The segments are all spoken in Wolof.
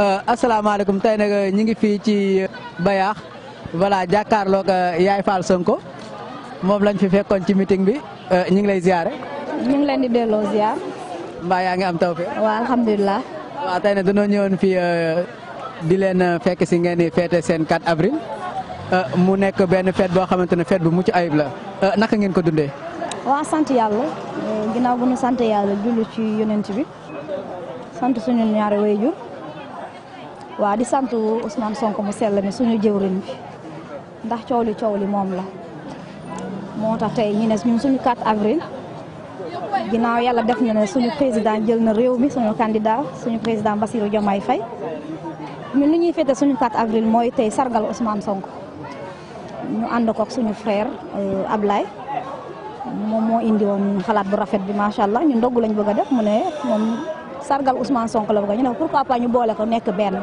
Euh, asalaamaaleykum tey nag euh, ñu ngi fii ci euh, Bayaax voilà jàkkaarloog Yaay Fall Sonko moom lañ fi fekkoon ci meeting bi ñu ngi lay ziare. ñu ngi leen di delloo ziar. mbaa yaa ngi am tawfeex. waaw alhamdulilah. waaw tey nag dañoo ñëwoon fii di leen fekk si ngeen di féete seen 4 avril mu nekk benn feet boo xamante ne feet bu mucc ayib la naka ngeen ko dundee. waaw sant yàlla ginnaaw bu ñu sant yàlla jullu ci yonent bi sant suñu ñaari wayjur wa di sante Ousmane Sonko mu sel mi suñu jëwriñ bi ndax ciowli ciowli mom la moo tay ñi ne ñun suñu 4 avril ginaaw yalla def na ne suñu président jël na rew mi suñu candidat suñu président Bassirou Diomaye fay ñun li ñuy fête suñu 4 avril moy tay sargal Ousmane Sonko ñu and ko ak suñu frère euh, Ablaye mom mo indi won xalaat bu rafet bi macha allah ñun dogu lañ bëgg def mu ne mom sargal Ousmane sonk la bëgg ñu ne pourquoi pas ñu boole ko nekk benn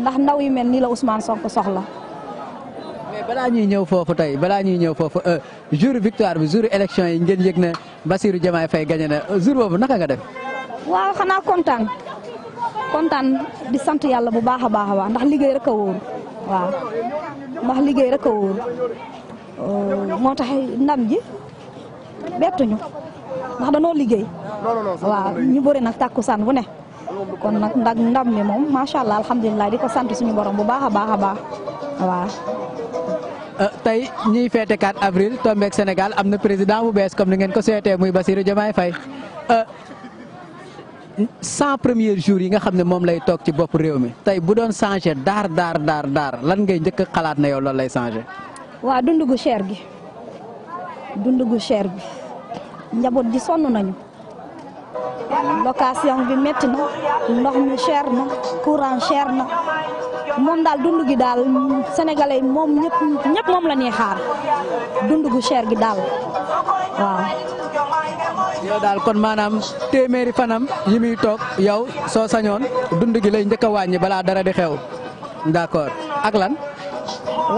ndax ndaw yu mel nii la Ousmane Sonko soxla. mais balaa ñuy ñëw foofu tey balaa ñuy ñëw foofu euh, jour victoire bi jour élection yi ngeen yëg na Bassirou Diomaye Faye gagné na jour boobu naka nga def. waaw xanaa kontaan kontaan di sant yàlla bu baax a baax a ndax liggéey rek a wóor liggéey rek a wóor euh, moo tax ndam ji bettuñu. ndax danoo liggéey waaw ñu bëri nag takkusaan bu ne kon nak ndag ndam mi ma sha allah alhamdullilah diko sante suñu borom bu baax a baax a euh tay ñi fété 4 avril ak Sénégal amna président bu bees comme ni ngeen ko souhaité muy Bassirou fay euh sans premier jour yi nga xamné mom lay tok ci bop réew mi tay bu doon changer dar dar dar dar lan ngay ñëk xalaat na yow lool lay changer waaw dundugu cher gi dundugu cher bi njabot di sonu nañu location bi metti na ndox mi cher na courant cher na mom dal dundu gi dal sénégalais mom ñëpp ñëpp mom la ni xaar dundu gu cher gi dal waaw. yo dal kon manam téméri fanam yimi tok yow so sañon dundu gi lay ñëk a bala dara di xew d'accord ak lan.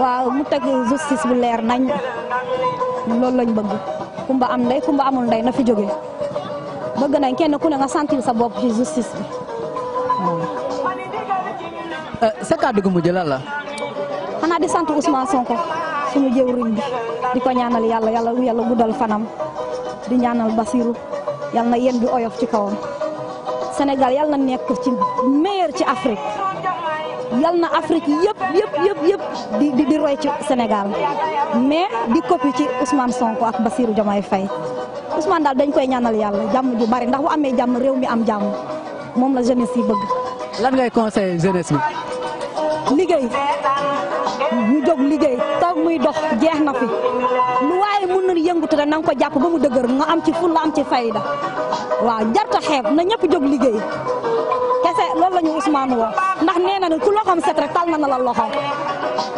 waaw mu tegg justice bu leer nañ lool lañ bëgg kumba am nday kumba amul nday na fi joge bëgg nañ kenn ku ne nga sentir sa bop ci justice eh, bi sa kàddu gu mujj lan la xana di sant Ousmane Sonko suñu jëwriñ bi di ñaanal yalla yalla wu yalla guddal fanam di ñaanal Basiru yalla na yeen bi oyof ci kawam senegal yalla na nekk ci meilleur ci Afrique yal na Afrique yëpp yëpp yëpp yëpp di di roy ci Sénégal mais di copie ci Ousmane Sonko ak Bassirou Diomaye Faye Ousmane daal dañ koy ñaanal yàlla jàmm ju bari ndax bu amee jàmm réew mi am jàmm moom la jeunesse bëgg. lan ngay conseil jeunesse bi. liggéey ñu jóg liggéey taw muy dox jeex na fi lu waaye mën na yëngatu rek na ko jàpp ba mu dëgër nga am ci fulla am ci fayda waaw jarta xeeb na ñëpp jóg liggéey. loolu lañu Ousmane woo ndax nee na ku loxoom set rek tal na la loxo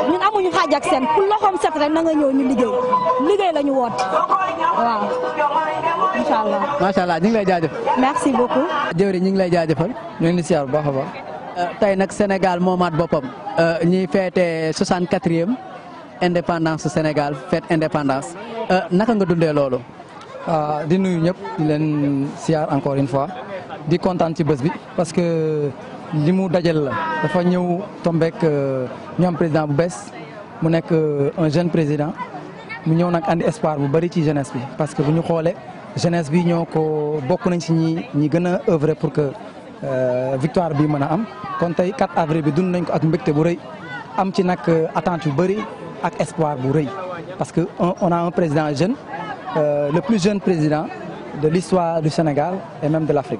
ñun amuñu xaaj ak seen ku loxoom set rek na nga ñëw ñu liggéey liggéey lañu ñu waaw allah. macha allah ñu ngi lay jaajëf. merci beaucoup. jëwri ñi ngi lay jaajëfal ñu ngi lay bu baax a baax. Euh, tey Sénégal momat bopam ñi fété 64e indépendance Sénégal fête indépendance euh, naka nga dundee loolu. Ah, di nuyu ñep di len siyaar encore une fois. di content ci bëss bi parce que limu dajel la dafa ñëw tombeek euh, ñu am président bu bees mu nekk euh, un jeune président mu ñëw un andi espoir bu la ci jeunesse bi parce que buñu xolé jeunesse bi ñoko bokku nañ ci ñi ñi œuvrer pour que euh, victoire bi mëna am kon tay 4 avril bi dund nañ ko ak mbégte bu reuy am ci nak ak espoir bu parce que on a un président jeune le plus jeune président de l'histoire du Sénégal et même de l'Afrique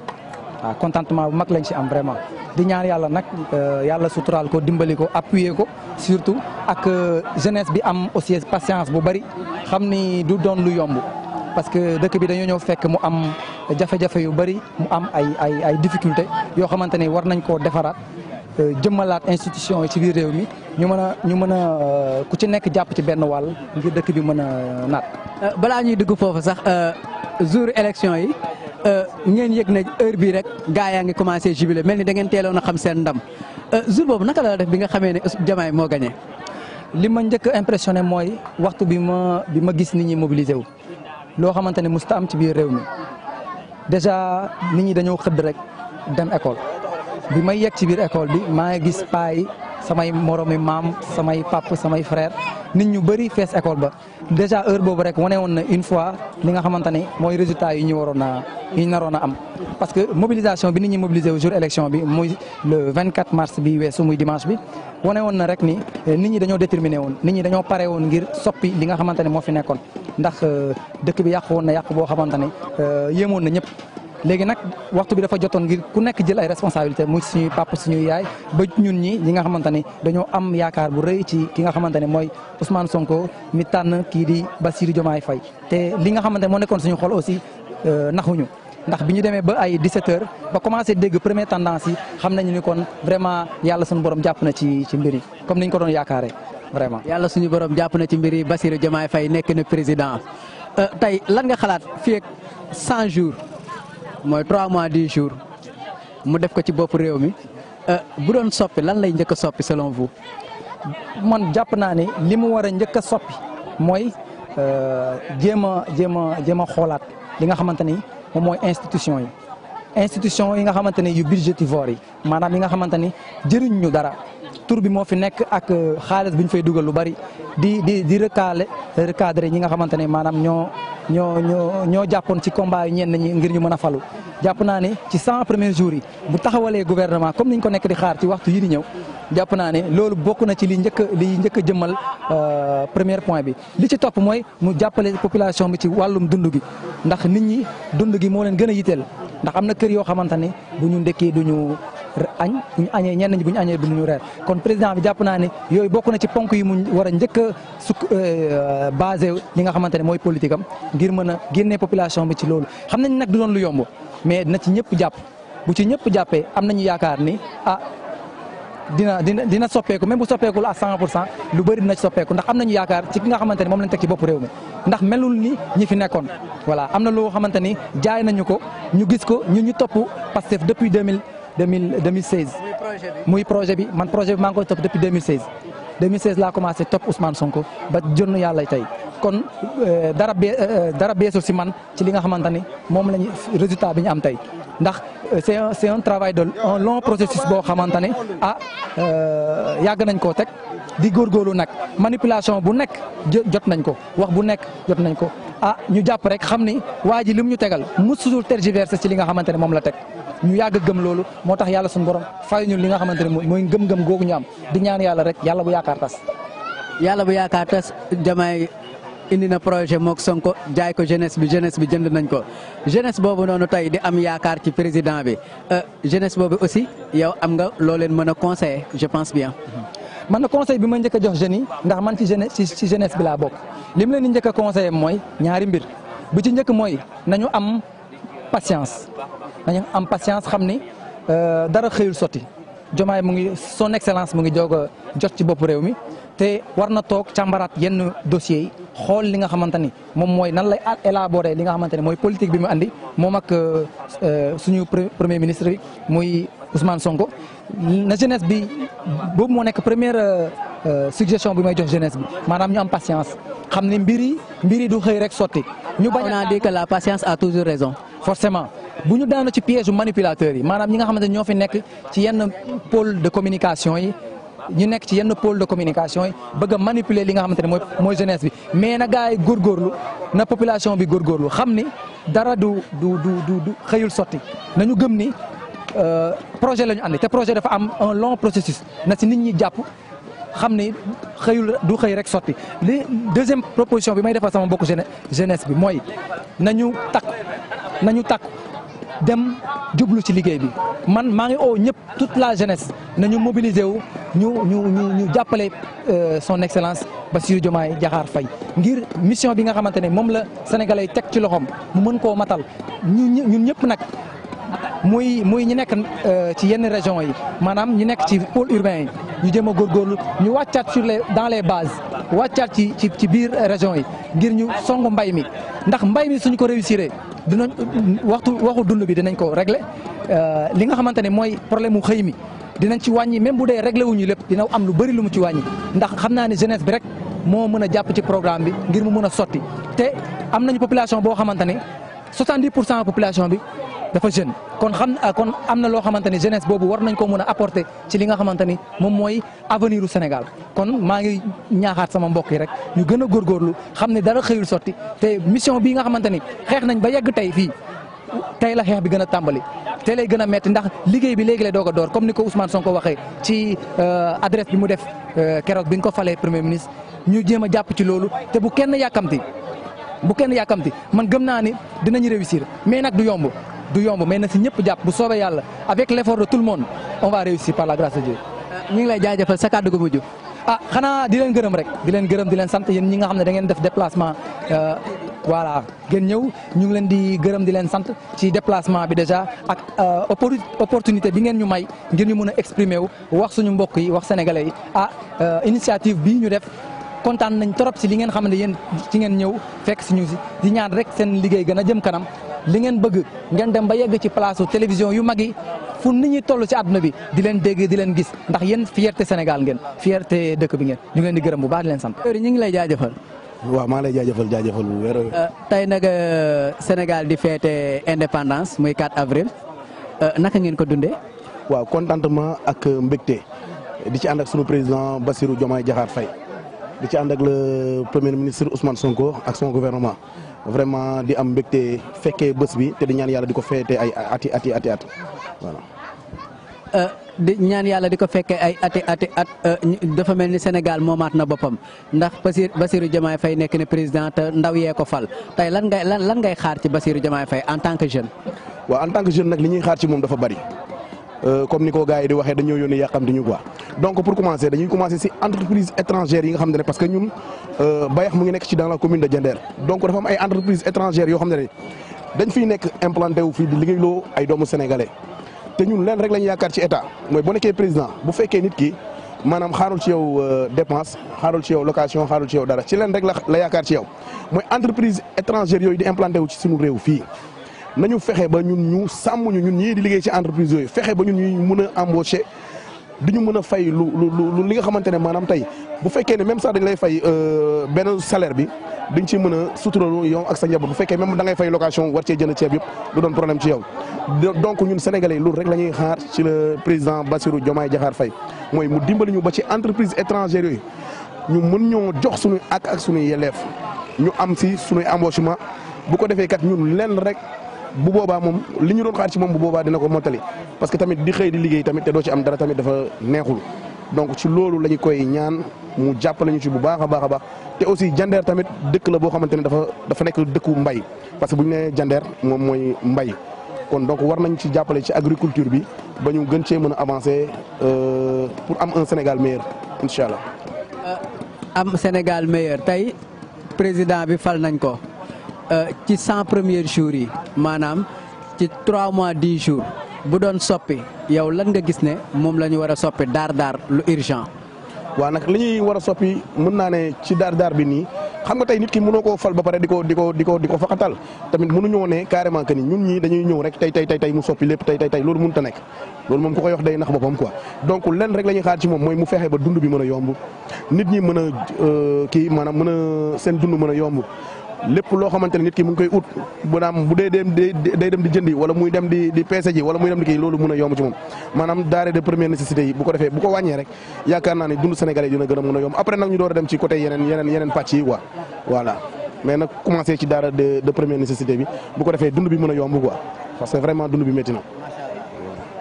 waaw ah, contentement bu mag lañ si am vraiment di ñaan yàlla nag euh, yàlla suturaal ko dimbali ko appuyer ko surtout ak euh, jeunesse bi am aussi patience bu bari xam ni du doon lu yomb parce que dëkk bi dañoo ñëw fekk mu am jafe-jafe yu bari mu am ay ay ay difficulté yoo xamante ni war nañ koo defaraat euh, jëmmalaat institution yi ci biir réew mi ñu mën a ñu mën a ku ci nekk jàpp ci benn wàll ngir dëkk bi mën a naat. balaa ñuy dugg foofu sax jour élection yi. Euh, ngeen yek ne heure bi rek gaa jibile meni commencé jubilé melni da ngeen teeloon a xam sen ndam euh, jour bobu naka la def bi nga xamé né jamaay mo gagné. li ma njëkk impressionné waxtu bi ma bi ma gis nit ñi mobiliser wu lo xamante musta am ci biir réew mi déjà nit ñi dañoo xëdd rek dem école bi may yegg ci biir école bi ma gis samay moromi maam samay pap samay frère nit ñu bëri fees école ba déjà heure boobu rek wane woon na une fois li nga xamante ni mooy résultat yi ñu waroon na yi ñu naroon a am. parce que mobilisation bi nit ñi mobiliser au jour élection bi muy le 24 mars bi weesu muy dimanche bi wane woon na rek ni eh, nit ñi dañoo déterminé woon nit ñi dañoo paree woon ngir soppi li nga xamante ne moo fi nekkoon ndax euh, dëkk bi yàq woon na yàq boo xamante ne euh, yéemoon na ñëpp. léegi nag waxtu bi dafa jotoon ngir ku nekk jël ay responsabilité mu suñuy papa suñuy yaay ba ñun ñi ñi nga xamante ni dañoo am yaakaar bu rëy ci ki nga xamante ne mooy Ousmane Sonko mi tànn kii di Bassirou Diomaye Faye te li nga xamante moo nekkoon suñu xol aussi euh, naxuñu ndax bi ñu demee ba ay 17 ba commencé dégg première tendance yi xam nañu ni kon vraiment yàlla suñu borom jàpp na ci ci mbir yi comme niñ ko doon yaakaaree vraiment. yàlla suñu borom jàpp na ci mbir yi Bassirou Diomaye fay nekk na président euh, tey lan nga xalaat fii ak 100 jours. mooy 3 mois 10 jours mu def ko ci bopp réew mi euh, bu doon soppi lan lay njëkk a soppi selon vous. man jàpp naa ni li mu war a njëkk a soppi mooy euh, jéem a jéem a jéem a xoolaat li nga xamante ni moom mooy institution yi institution yi nga xamante ni yu budgétivore yi maanaam yi nga xamante ni jëriñ ñu dara. tur bi moo fi nekk ak euh, xaalis bi ñu fay dugal lu bari di di di recalé recadré ñi nga xamante ne maanaam ñoo ñoo ñoo jàppoon ci combat ñeen ñenn ñi ngir ñu mën a falu jàpp naa ne ci cent premiers jours yi bu taxawalee gouvernement comme niñ ko nekk di xaar ci waxtu yi di ñëw jàpp naa ne loolu bokk na ci li njëkk li njëkk a jëmmal euh, premier point bi li ci topp mooy mu jàppale population bi ci wàllum dund gi ndax nit ñi dund gi moo leen gën a yitteel ndax am na kër yoo xamante ne bu ñu ndekkee duñu añ buñ añee ñenn ñi buñ añee du ñu reer kon président bi jàpp naa ne yooyu bokk na ci ponk yi mu war a njëkk a sukk euh, basé li nga xamante ne mooy politique am ngir mën a génnee population bi ci loolu xam nañ nag du doon lu yomb mais na ci ñëpp jàpp bu ci ñëpp jàppee am nañu yaakaar ni ah dina dina dina soppeeku même bu soppeekul à 100 pour cent lu bëri dina soppeeku ndax am yaakaar ci ki nga xamante ne moom lañ teg ci bopp réew mi ndax melul ni ñu fi nekkoon voilà am na loo xamante ni jaay nañu ko ñu gis ko ñu ñu topp Pastef depuis 2000 deux mille deux mille muy projet bi man projet bi maa ngi koy topp depuis deux mille seize. deux mille seize laa commencé topp Ousmane Sonko ba jonn yàlla tey. kon eh, dara eh, eh, dara beesul si man ci li nga xamantani mom lañu résultat biñu am tay ndax c'est un travail de un long processus bo xamantani ne ah euh, yag nañ ko tek di golu nak manipulation bu nek jot nañ ko wax bu nek jot nañ ko ah ñu japp rek xamni waji lim ñu tegal musul tergiverser ci li nga xamantani mom la tek ñu yag gëm lolu motax yalla sun borom fay ñu li nga xamantani moy gëm gëm gogu ñu am di ñaan yalla rek yalla bu yaakaar tas. yalla bu yaakaar tas jamaay indi na projet mook Sonko ko jeunesse bi jeunesse bi jënd nañ jeunesse di am ci président bi euh, jeunesse aussi yow am nga je pense bien. Mm-hmm. man conseil bi ma jox ndax man jeunesse ci jeunesse bi leen conseiller ñaari mbir am patience am patience xamni euh, dara son excellence te war na toog càmbaraat yenn dossiers yi xool li nga xamante ni moom mooy nan lay élaborer li nga xamante ni mooy politique bi mu andi moom ak euh, euh, suñu premier ministre bi mooy Ousmane Sonko na jeunesse bi boobu moo nekk première euh, suggestion bi may jox jeunesse bi maanaam ñu am patience xam ne mbir yi mbir du xëy rek sotti. ñu bañ a dit que la patience a toujours raison. forcément bu ñu daanu ci piège manipulateur yi maanaam ñi nga xamante ni ñoo fi nekk ci yenn pôle de communication yi. ñu nekk ci yenn pôle de communication yi bëgg a manipuler li nga xamante ne mooy mooy jeunesse bi mais na gars yi góorgóorlu na population bi góorgóorlu xam ni dara du du du du xëyul sotti nañu gëm ni euh, projet la ñu àndi te projet dafa am un long processus na si nit ñi jàpp xam ni xëyul du xëy rek sotti li deuxième proposition bi may defal sama mbokku jeunesse bi mooy na nañu takku nañu takk dem jublu ci liggéey bi man maa ngi oo ñëpp toute la jeunesse nañu mobiliser wu. ñu ñu ñu ñu jàppale euh, son excellence Bassir Diomaye Diakhar Faye ngir mission bi nga xamantene mom la sénégalais teg ci loxom mu mën ko matal ñun ñun ñëpp nag. muy muy ñi nekk euh, ci yenn région yi manam ñu nekk ci pôle urbain ñu jëma gor gor ñu waccat sur les dans les bases waccat ci ci ci biir région yi ngir ñu songu mbay mi ndax mbay mi suñ ko réussiré dinañ waxtu waxu dund bi dinañ ko régler euh li nga xamantene moy problème mu xeymi dinañ ci wàññi même bu dee réglé wuñu lépp dina am lu bari lu mu ci wàññi ndax xam naa ne jeunesse bi rek moo mën a jàpp ci programme bi ngir mu mën a sotti te am nañu population boo xamante ne 70 pour cent population bi dafa jeune kon xam ah, kon am na loo xamante ne jeunesse boobu war nañ ko mën a apporter ci li nga xamante ni moom mooy avenir u Sénégal kon maa ngi ñaaxaat sama mbokk yi rek ñu gën a góorgóorlu xam ne dara xëyl sotti te mission bii nga xamante ni xeex nañ ba yegg tey fii tey la xeex bi gën a tàmbali tey lay gën a metti ndax liggéey bi léegi la doog a door comme ni ko Ousmane ko waxee ci euh, adresse bi mu def euh, keroog bi nga ko falee premier ministre ñu jéem a jàpp ci loolu te bu kenn yàkkamti bu kenn yàkkamti man gëm naa ni dinañ réussir mais nag du yomb du yomb mais na si ñëpp jàpp bu soobee yàlla avec l'effort de tout le monde on va réussir par la grâce de Dieu. Euh, ñu ngi lay jaajëfal sa kàddu gu mujj ah xana di len gëreum rek di len gëreum di len sante yeen ñi nga xamne da ngeen def déplacement euh, voilà gën ñew ñu ngi len di gëreum di len sante ci déplacement bi déjà ak euh, opportunité bi ngeen ñu may ngir ñu mëna a exprimer wu wax suñu mbokk yi wax sénégalais yi ah euh, initiative bi ñu def contane nañ torop si li ngeen xamne yeen ci ngeen ñew fekk di ñaan rek seen liggéey gëna jëm kanam li ngeen bëgg ngeen dem ba yegg ci place télévision yu magi fu nit ñi tollu ci aduna bi di leen dégg di leen gis ndax yeen fierté Sénégal ngeen fierté dëkk bi ngeen ñu ngeen di gërëm bu baax di leen sant. ñi ngi lay jaajeufal wa ma lay jaajeufal jaajeufal bu wër tay nak Sénégal di fété indépendance muy 4 avril euh, naka ngeen ko dundé wa contentement ak mbégte di ci and ak suñu président Bassirou Diomaye Diakhar fay di ci and ak le premier ministre Ousmane Sonko ak son gouvernement vraiment di am mbégte féké bëss bi té di ñaan yalla diko fété ay ati ati ati at voilà di ñaan yàlla diko ko ay ati ati at euh, dafa mel senegal Sénégal moomaat na boppam ndax Bassirou Diomaye Faye nekk ne président te ndaw yee ko fal tey lan ngay lan lan ngay xaar ci Bassirou Diomaye Faye en tant que jeune. waaw en tant que jeune nag li ñuy xaar ci moom dafa bari euh, comme ni ko di waxee dañoo yónnee yàqamti ñu quoi donc pour commencer dañuy commencer ci entreprise étrangère yi nga xam parce que ñun euh, Bayax mu ngi nekk ci dans la commune de Diender donc dafa am ay entreprise étrangère yoo xam dañ fiy nekk implanté wu fii di liggéeyloo ay doomu sénégalais. te ñun lén rek lañu yakkar ci état moy bo nekkee président bu féké nit ki manam xarul ci yow euh, dépense xarul ci yow location xarul ci yow dara ci lén rek la la yaakaar ci yow moy entreprise étrangère yooyu di implanté wu ci suñu réew fi nañu fexé ba ñun ñu sammu ñu ñun ñi di liggéey ci entreprise yooyu fexé ba ñun ñu mëna a duñu mëna fay lu lu li nga xamante manam tay bu féké né même sax dañ lay fay euh benn salaire bi dañu nga ci mën a suturaloo yow ak sa njaboot bu fekkee même da ngay fay location war cee jënd ceeb yëpp du doon problème ci yow donc ñun sénégalais loolu rek la ñuy xaar ci le président Bassirou Diomaye Diakhar Faye mooy mu dimbali ñu ba ci entreprise étrangère yooyu ñu mën ñoo jox suñu ak ak suñuy yelleef ñu am si suñuy embauchement bu ko defee kat ñun lenn rek bu boobaa moom li ñu doon xaar ci moom bu boobaa dina ko mottali parce que tamit di xëy di liggéey tamit te doo ci am dara tamit dafa neexul donc ci loolu la ñu koy ñaan mu jàppale ñu ci bu baax a baax a baax te aussi jandeer tamit dëkk la boo xamante ne dafa dafa nekk dëkku mbay parce que bu ñu nee jandeer moom mooy mbay kon donc war nañ ci jàppale ci agriculture bi ba ñu gën cee mën a avancer euh, pour am un Sénégal meilleur incha allah. Euh, am Sénégal meilleur tey président bi fal nañ ko euh, ci cent première jours yi maanaam ci trois mois dix jours bu doon soppi yow lan nga gis ne moom la ñu war a soppi daar daar lu urgent. waa nag li ñuy war a soppi mën naa ne ci daar daar bi nii xam nga tey nit ki mënoo koo fal ba pare di ko di ko di ko di ko tamit mënuñoo ne carrément que ni ñun ñii dañuy ñëw rek tey tey tey tey mu soppi lépp tey tey tey loolu mënut a nekk loolu moom ko ko wax day nax boppam quoi donc lenn rek la xaar ci moom mooy mu fexe ba dund bi mën a yomb nit ñi mën a euh, kii maanaam mën a seen dund mën a yomb lépp loo xamante ne nit ki mu ngi koy ut bu naam bu dee dem dem di jëndi wala muy dem di di peese ji wala muy dem di kii loolu mun a yomb ci moom maanaam denrées de première nécessité yi bu ko defee bu ko wàññee rek yaakaar naa ni dund Sénégalais dina gën a mun a yomb après nag ñu door a dem ci côté yeneen yeneen yeneen yi quoi voilà mais nag commencé ci daara de de première nécessité bi bu ko defee dund bi mën a yomb quoi parce que vraiment dund bi métti na.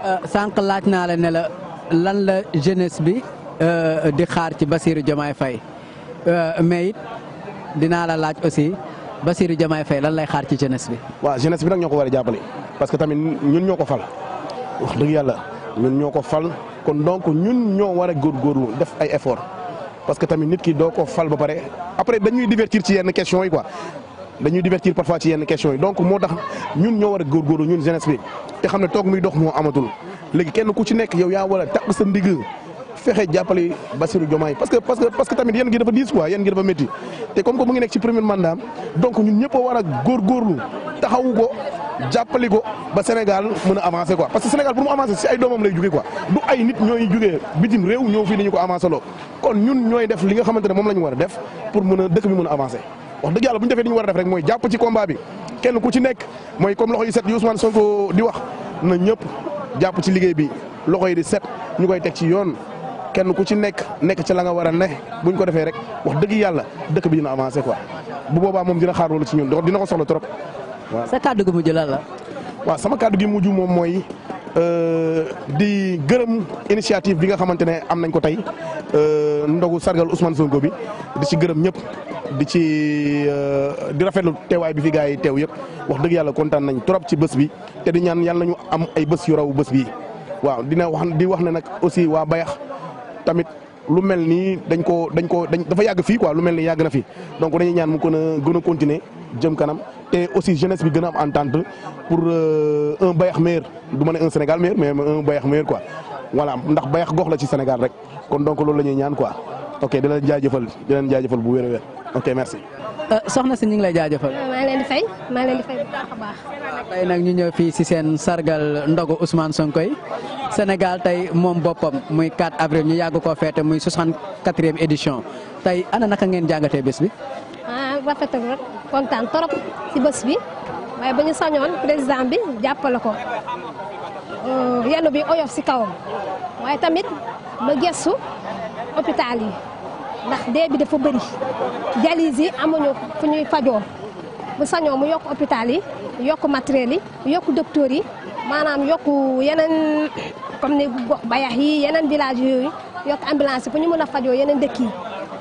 Euh, sànq laaj naa la ne la lan la jeunesse bi euh, di xaar ci Bassirou Diomaye Faye euh, mais it dinaa la laaj aussi Bassirou Diomaye fay lan lay xaar ci jeunesse bi. waaw jeunesse bi nag ñoo ko war a jàppale parce que tamit ñun ñoo ko fal wax dëgg yàlla ñun ñoo ko fal kon donc ñun ñoo war a góorgóorlu def ay effort parce que tamit nit ki doo ko fal ba pare après dañuy divertir ci yenn questions yi quoi. dañuy divertir parfois ci yenn questions yi donc moo tax ñun ñoo war a góorgóorlu ñun jeunesse bi te xam ne toog muy dox moo amatul léegi kenn ku ci nekk yow yaa war a takk sa ndigg fexé jàppale Bassirou Diomaye parce que parce que parce que tamit yeen ngi dafa dis quoi yeen ngi dafa metti té comme ko mu ngi nek ci premier mandat donc ñun ñëpp wara gor gorlu taxawu ko jàppale ko ba Sénégal mëna avancer quoi parce que Sénégal pour mu avancer ci ay domam lay juggé quoi du ay nit ñoy juggé bitim réew ñoo fi dañu ko avancer lo kon ñun ñoy def li nga xamantene mom lañu wara def pour mëna dëkk bi mëna avancer wax dëgg Yalla buñu défé dañu wara def rek moy japp ci combat bi kenn ku ci nek moy comme loxoy set Ousmane Sonko di wax na ñëpp japp ci liggéey bi loxoy di set ñukoy tek ci yoon kenn ku ci nek nek ci la nga wara a ne buñ ko defé rek wax deug yalla dekk bi dina avancer quoi bu boba mom dina xaar loolu ci ñun dina ko solo trop sa cadeau gu mu jël la. wa sama kàddu gi mujj moom euh, di gërëm initiative bi nga xamantene am nañ ko euh ndogu sargal Ousmane Sonko bi di ci gërëm ñep di ci euh, di rafetlu teway bi fi gaay tew yep wax deug yalla contane nañ trop ci bëss bi te di ñaan yalla nañu am ay bëss yu raw bëss bi waaw dina wax di wax ne nak aussi wa Bayax tamit lu mel nii dañ koo dañ koo dañ dafa yàgg fii quoi lu mel nii yàgg na fi donc dañuy ñaan mu gën a a continuer jëm kanam te aussi jeunesse bi gën am en entente pour euh, un Bayax meilleur du ma ne un Sénégal meilleur mais un Bayax meilleur quoi voilà ndax Bayax gox la ci Sénégal rek kon donc loolu la ñuy ñaan quoi ok di leen jaajëfal di leen jaajëfal bu wér a ok merci. Ah, soxna si ñu ngi lay jaajëfal. Ah, maa leen di maa leen di bu baax a baax. tey nag ñu ñëw fii si seen sargal ndogu Ousmane Sonko yi Sénégal tey moom boppam muy 4 avril ñu yàgg koo feete muy 64e édition tey ana naka ngeen jàngatee bés bi. ah rafet ak kontaan trop bés bi waaye ba ñu sañoon président bi jàppale ko euh, yenn bi oyof si kawam waaye tamit ma gëstu hôpital yi. ndax dee bi dafa bëri dialyse yi amuñu fu ñuy fajoo bu sañoo mu yokk hôpital yi yokk matériel yi yokk docteur yi maanaam yokk yeneen comme ni gox bayax yi yeneen village yooyu yokk ambulance yi fu ñu mën a fajoo yeneen dëkk yi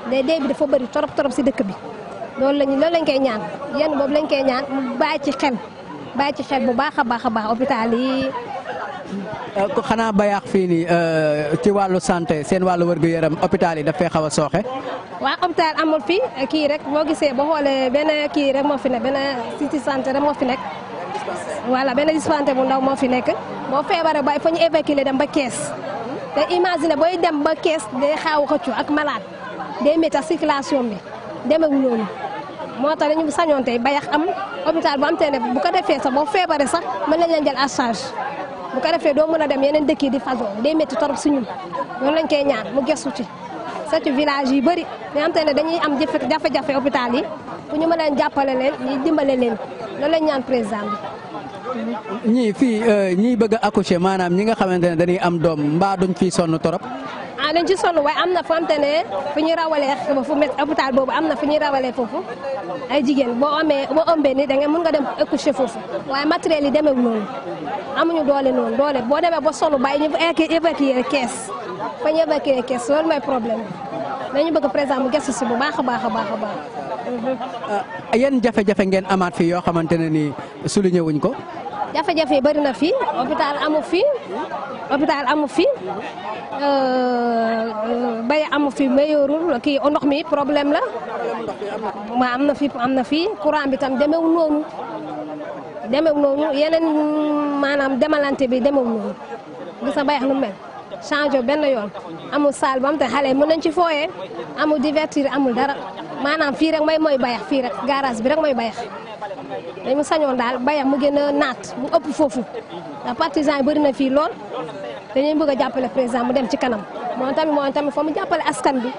mais dee bi dafa bëri torop torop si dëkk bi loolu lañu loolu lañ koy ñaan yan boobu lañ koy ñaan mu bàyyi ci xel baa ci xel bu baax a baax a baax hôpital yi ko xanaa bayaax fii nii ci wàllu santé seen wàllu wërgu-yaram hôpital yi daf fee xaw a sooxe waaw hôpital amul fi kii rek boo gisee boo xoolee benn kii rek moo fi nekk benn cité santé rek moo fi nekk voilà benn dispensaire bu ndaw moo fi nekk boo feebaree bay fa ñu évacuer dem ba kees te imaginer booy dem ba kees day xaaw xëccu ak malade day métti circulation bi demewul noonu moo tax dañu sañoon tey bayax am hôpital bu am tey ne bu ko defee sax boo feebaree sax mën nañ leen jël à charge bu ko defee doo mën a dem yeneen dëkk yi di façon day métti torop si ñun loolu lañ koy ñaan mu gëstu ci ci village yi bëri nga xam te ne dañuy am jafe-jafe hôpital yi bu ñu mën leen jàppale leen ñi dimbale leen loolu lañ ñaan président bi ñii fii euh, ñii bëgg a accoucher maanaam ñi nga xamante ne dañuy am doom mbaa duñ fii sonn torop ah dañ ci sonn waaye am na foo xamante ne fu ñuy rawalee fu met hôpital boobu am na fu ñuy rawalee foofu ay jigéen boo amee boo ëmbee ni da nga mën nga dem accoucher foofu waaye matériel yi demeewul noonu amuñu doole noonu doole boo demee ba sonn bàyyi ñu évacuer kees fa ñu évacuer kees loolu mooy problème bi dañu bëgg président mu gëstu si bu baax a baax a baax a ah, jafe-jafe ngeen amaat fii yoo xamante ne nii souligné wuñ ko. jafe-jafe bari na fi hôpital amu fi hôpital amu fi euh, euh, bay amu fi mayorul kii ndox mi problème la waaw am na fi am na fi courant bi tam demewu noonu demewu noonu yeneen maanaam demalante bi demewu noonu gis nga bayax mel changé benn yoon amul salle bam te xale mën nañ ci fooyee amul divertir amul dara maanaam fii rek may mooy bayax fii rek garage bi rek mooy bayax dañu sañoon daal bayax mu gën naat mu ëpp foofu ndax partisan yi na fii lool dañuy bëgg a jàppale président mu dem ci kanam moo tamit moo tamit fa mu jàppale askan bi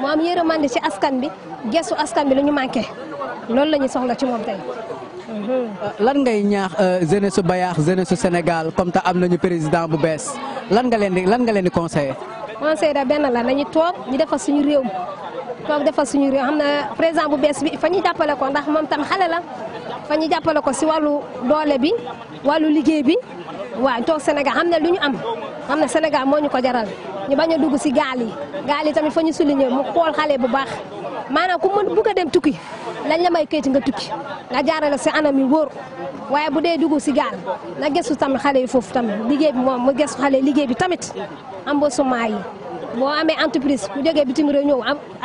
mu am yërmande ci askan bi gestu askan bi lu ñu manqué loolu la ñu soxla ci moom tey. Euh, lan ngay ñaax euh, jeunesse su Bayaax jeunesse su Sénégal comme te am ñu président bu bees lan nga leen di lan nga leen di conseillé. conseil da benn la nañu toog ñu defal suñu réew mi toog defal suñu réew xam na président bu bees bi fa ñu jàppale ko ndax moom tam xale la fa ñu jàppale ko si wàllu doole bi wàllu liggéey bi waaw toog Sénégal xam ne lu ñu am xam na Sénégal moo ñu ko jaral ñu bañ a dugg si gaal yi gaal yi tamit fa ñu mu xool xale bu baax maanaam ku mën bugg a dem tukki lañ la may kayit nga tukki nga jaarale si anam yu wóor waaye bu dee dugg si gaal na gëstu tamit xale yi foofu tamit liggéey bi moom mu gëstu xale liggéey bi tamit am embauchement yi boo amee entreprise bu bi bitim réew ñëw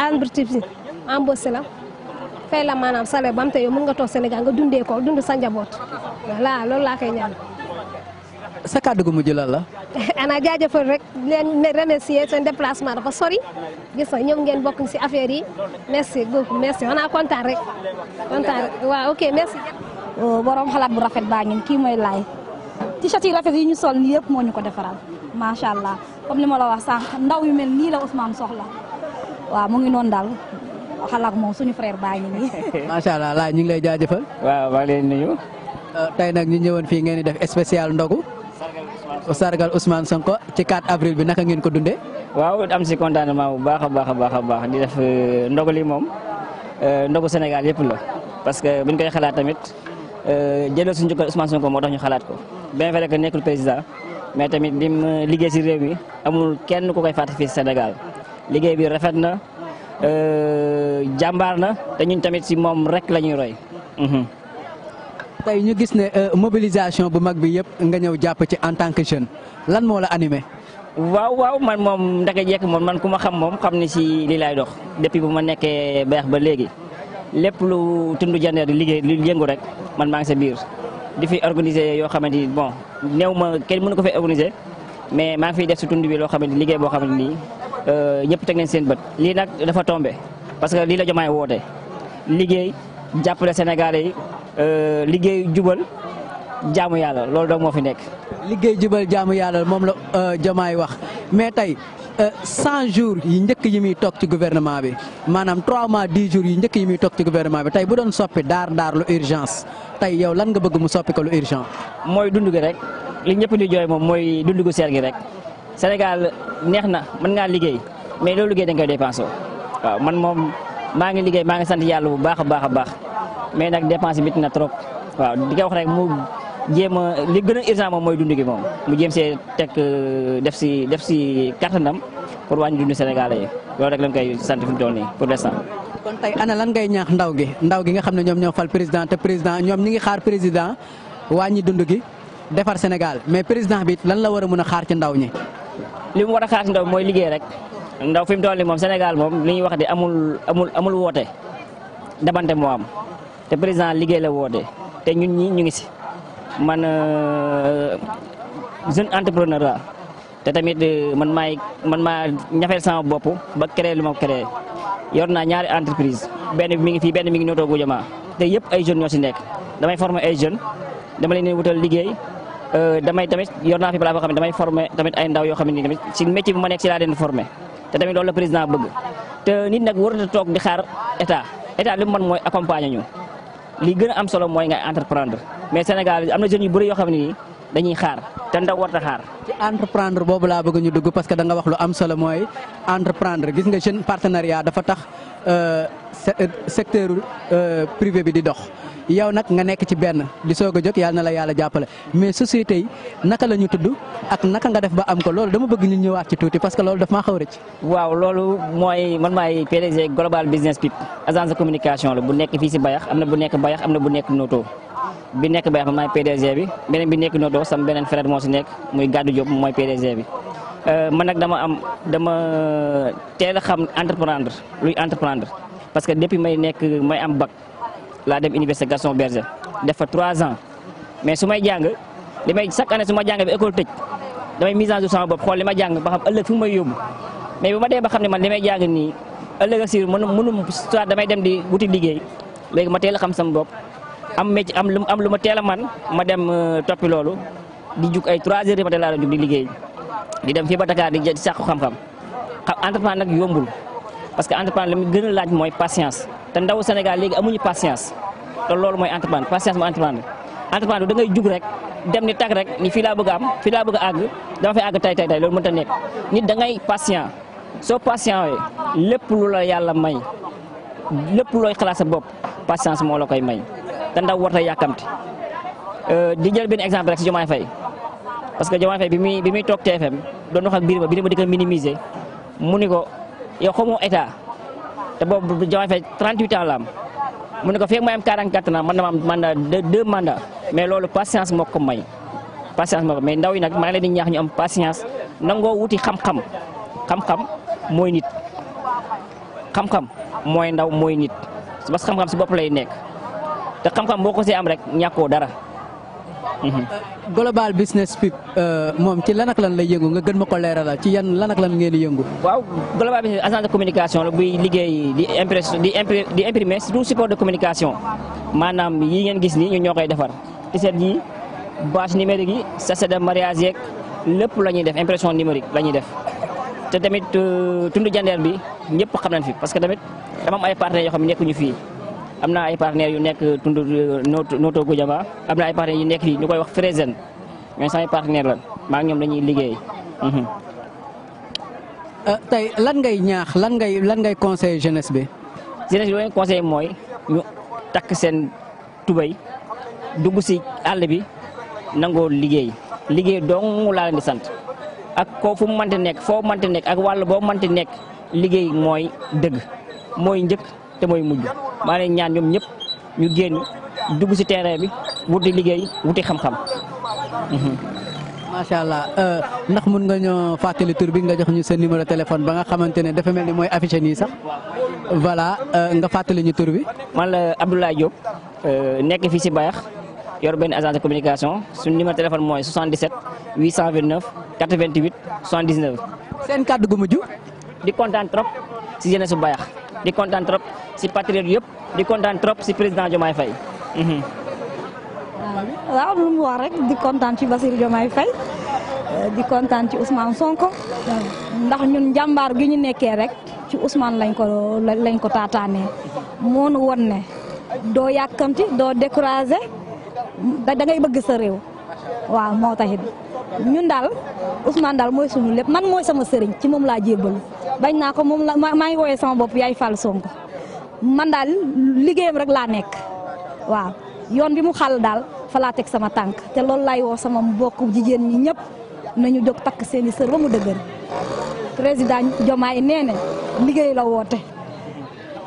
entreprise embauché la fay la maanaam salaire ba am te yow mën nga toog Sénégal nga dundee ko dund sa njaboot voilà loolu laa koy ñaan sa kàddu gu mujj lan la. ana jajeufal rek len remercier ya, seen déplacement dafa sori gis nga ñom ngeen bokk ci affaire yi merci beaucoup merci ana a rek kontaan wa ok merci. borom oh, xalat bu rafet ba ngeen ki moy lay ci shirt yi rafet yi ñu sol nii yëpp moo ñu ko defaral sha allah comme li la wax sànq ndaw yu mel ni la Ousmane soxla wa mo ngi non dal xalaat mo suñu frère baa ngi ma sha allah la ñu ngi lay jajeufal wa maa ngi leen nuyu. Eh, tay nak ñu ñëwoon fi ngeen def spécial ndogu. sargal Ousmane Sonko ci 4 avril bi naka ngeen ko dundee. waaw am si contentement bu baax a baax a baax baax di def euh, ndogu li moom euh, ndogu Sénégal yëpp la parce que buñ koy xalaat tamit euh, jëlal suñu njukkal Ousmane Sonko moo tax ñu xalaat ko bien vrai que nekkul président mais tamit lim liggéey si réew mi amul kenn ku koy fàtte fii Sénégal liggéey bi rafet na jàmbaar na te ñun tamit si moom rek la ñuy roy. Mhm. tey ñu gis ne euh, mobilisation bu mag bi yëpp nga ñëw jàpp ci en tant que jeune lan moo la animé. waaw waaw man moom ndaka jekk moom man ku ma xam moom xam ni si lii laay dox depuis bu ma nekkee beex ba léegi lépp lu tund jandeer liggéey lu yëngu rek man maa ngi sa biir di fi organiser yoo xamante ni bon néew ma kenn mënu ko fi organiser mais maa ngi def si tund bi loo xamante ni liggéey boo xamante nii euh, ñëpp teg nañ seen bët lii nag dafa tombe parce que lii la jomaay woote liggéey jàppale Sénégalais Euh, liggéey jubal jaamu yàlla loolu dong moo fi nekk. liggéey jubal jaamu yàlla moom la Diomaye euh, wax mais tey euh, cent jours yi njëkk yi muy toog ci gouvernement bi maanaam trois mois dix jours yi njëkk yi muy toog ci gouvernement bi tey bu doon soppi daar daar lu urgence tey yow lan nga bëgg mu soppi ko lu urgent. mooy dund rek li ñëpp di jooy moom mooy dund gu seer gi rek Sénégal neex na mën ngaa liggéey mais loolu liggéey da nga koy dépensé waaw man moom maa ngi liggéey maa ngi sant yàlla bu baax a baax a baax. mais nag dépense bi na trop waaw di ko mu jéem li gën a urgent moom mooy dund gi moom mu jéem see teg euh, def si def si kàttanam pour wàññi dundu Sénégalais yi loolu rek lañ koy sant fi mu toll nii pour l'instant. kon tey ana lan ngay ñaax ndaw gi ndaw gi nga xam ne ñoom ñoo fal président te président ñoom ñi ngi xaar président wàññi dund gi defar Sénégal mais président bi lan la war a mën a xaar ci ndaw ñi. li mu war a xaar ci ndaw mooy liggéey rek ndaw fi mu nii moom Sénégal moom li ñuy wax de amul amul amul woote. dabante mo am te président liggéey la wodé te ñun ñi ñu ngi si man euh, jeune entrepreneur la te tamit euh, man may man ma ñafeel sama bop ba créer luma créer créé yor naa ñaari entreprise benn mi ngi fi benn mi ngi noto Goudiama te yépp ay jeune ñoo si nekk damay former ay jeune dama leen wutal euh damay tamit yor na fi bla ba xamni damay former tamit ay ndaw yo xamni tamit si métier bu ma nek ci la leen former te tamit loolu la président bëgg te nit nak warut tok di xaar état état li mu mën accompagner ñu li am solo mooy ngay entreprendre mais Sénégal am na yu bëri yoo xam dañuy xaar te ndaw war xaar. ci entreprendre bëgg ñu dugg parce que da nga wax lu am solo mooy entreprendre gis nga jeune partenariat dafa tax euh, secteur euh, privé bi di dox. yow nag nga nekk ci benn di soog a jóg na la yàlla jàppale mais société yi naka la tudd ak naka nga def ba am ko loolu dama bëgg ñu ñëwaat ci tuuti parce que loolu daf maa xaw a rëcc. waaw loolu mooy man maay PDG Global Business Pip agence de communication la bu nekk fii si Bayax am na bu nekk Bayax am na bu nekk Noto bi nekk Bayax man maay PDG bi beneen bi nekk Noto sam beneen frère moo si nekk muy Gadou Diop mooy PDG bi. Euh, man nag dama am dama teel a xam entreprendre luy entreprendre parce que depuis may am bac. la dem université garçon Berger def 3 ans mais sumay jang limay chaque année sumay jang jàng bi école tej damay mise en jour sama bopp xool li ma ba xam ëllëg fuma may mais bima dem ba xamni man limay jang ni nii sir a soit damay dem di wuti liguey léegi ma teel a xam sama bopp am metti am lu am lu ma man ma dem euh, topi lolu di juk ay 3 heures ma teel laa doon jug di liguey di dem fi ba Dakar di sax xam-xam xam entreprendre yombul parce que entrepreneur limi mu laaj moy patience té ndaw Sénégal légui amuñu patience té lool moy entrepreneur patience mo entrepreneur entrepreneur da ngay jug rek dem ni tag rek ni fi la bëgg am fi la bëgg ag àgg dama eh, fay àgg tay tay tay loolu mënta nek nit da ngay patient so patient wé lepp lu la yalla may lepp loy classé bop patience mo la koy may té ndaw warta euh di jël ben exemple rek ci jomay fay parce que jomay fay bi mi bi mi tok TFM doon wax ak Birima Birima di ko minimiser mu ni yow xomo état te boobu Diomaye Faye 38 ans la mu ne ko feeg ma am 44 ans man dama am mandat deux mandats mais loolu patience moo ko may patience moo ko mais ndaw yi nag maa ngi leen di ñaax ñu am patience nangoo wuti xam-xam xam-xam mooy nit xam-xam mooy ndaw mooy nit parce que xam-xam si bopp lay nekk te xam-xam boo ko am rek ñàkkoo dara. Mm-hmm. global business pip uh, moom ci lan ak lan la yëngu nga gën ma ko leeralal ci yan lan ak lan ngeen yëngu. waaw global business agence de communication la buy liggéey di impress di di imprimer surtout support de communication maanaam yi ngeen gis nii ñu ñoo koy defar tiset yi bâche numérique yi sachet de mariage yeeg lépp la ñuy def impression numérique la ñuy def. te tamit euh, tund jandeer bi ñëpp xam nañ fi parce que tamit dama am ay partenaires yoo xam ne nekkuñu fii. am na ay partenaires yu nekk tund Noto Goudiaba am na ay partenaires yu nekk fii ñu koy wax Frézen ñooy samay partenaire la maa ngi ñoom dañuy liggéey. Mhm. Euh, tey lan ngay ñaax lan ngay lan ngay conseil jeunesse bi. jeunesse bi mooy ñu takk seen tubay dugg si àll bi nangoo liggéey liggéey dong laa leen di sant ak koo fu mu nekk foo mënti nekk ak wàll boo mënti nekk liggéey mooy dëgg mooy njëkk. te mooy mujj maa leen ñaan ñëpp ñu génn dugg si terrain bi wuti liggéey wuti xam-xam. Mhm. macha allah euh, ndax mun nga ñoo fàttali tur bi nga jox ñu sa numéro téléphone ba nga xamante ne dafa mel ni mooy affiché nii sax voilà euh, nga fàttali ñu tur bi. man la Abdoulaye Diop euh, nekk fii si Bayax yor benn agence de communication suñu numéro téléphone mooy 77 829 88 79. seen kàddu gu mujj. di kontaan trop si jeunesse su di kontaan trop si patriote yëpp di kontaan trop si président Diomaye fay mhm. ah, waaw lu mu wax rek di kontaan ci Bassirou Diomaye Faye eh, di kontaan ci Ousmane Sonko ndax ñun njàmbaar gi ñu nekkee rek ci Ousmane lañ ko lañ ko taataanee moo nu won ne doo yàkkamti doo découragé da ngay bëgg sa réew. waaw moo taxit ñun daal Ousmane daal mooy suñu lépp man mooy sama sëriñ ci moom laa jébbalu bañ naa ko moom la maa ngi woowee sama bopp yaay Fall Sonko man daal liggéeyam rek laa nekk waaw yoon bi mu xàll daal fa teg sama tànk te loolu laay woo sama mbokk jigéen ñi ñëpp nañu jóg takk seen i sër ba mu dëgër président Diomaye nee na liggéey la woote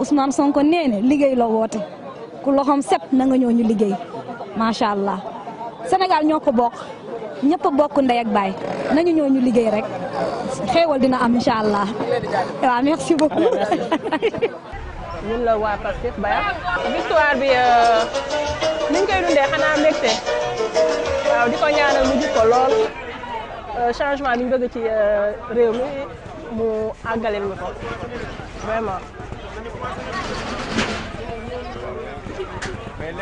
Ousmane Sonko nee liggéey la woote ku loxoom set na nga ñëw ñu liggéey macha allah. Sénégal ñoo ko bokk ñëpp a bokk ndey ak baay nañu ñoo ñu liggéey rek xéewal dina am incha allah waaw merci beaucoup. ñun la waa Pastef Bayar. victoire bi euh, ni ñu koy dundee xanaa mbégte waaw di ko ñaanal mu jikko lool euh, changement bi ñu bëgg ci euh, réew mi mu àggaleel ñu ko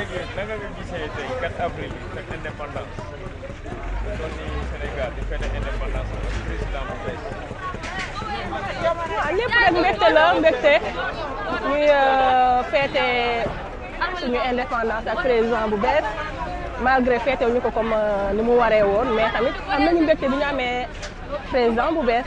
léegi naka nga gisee tey 4 avril fête indépendance ni di fête indépendance président bu bees. waaw ah, lépp la mbégte ñuy euh, fête suñu indépendance ak président bu bees malgré fête ñu ko comme euh, ni mu waree woon mais tamit am nañu mbégte bi ñu amee président bu bees.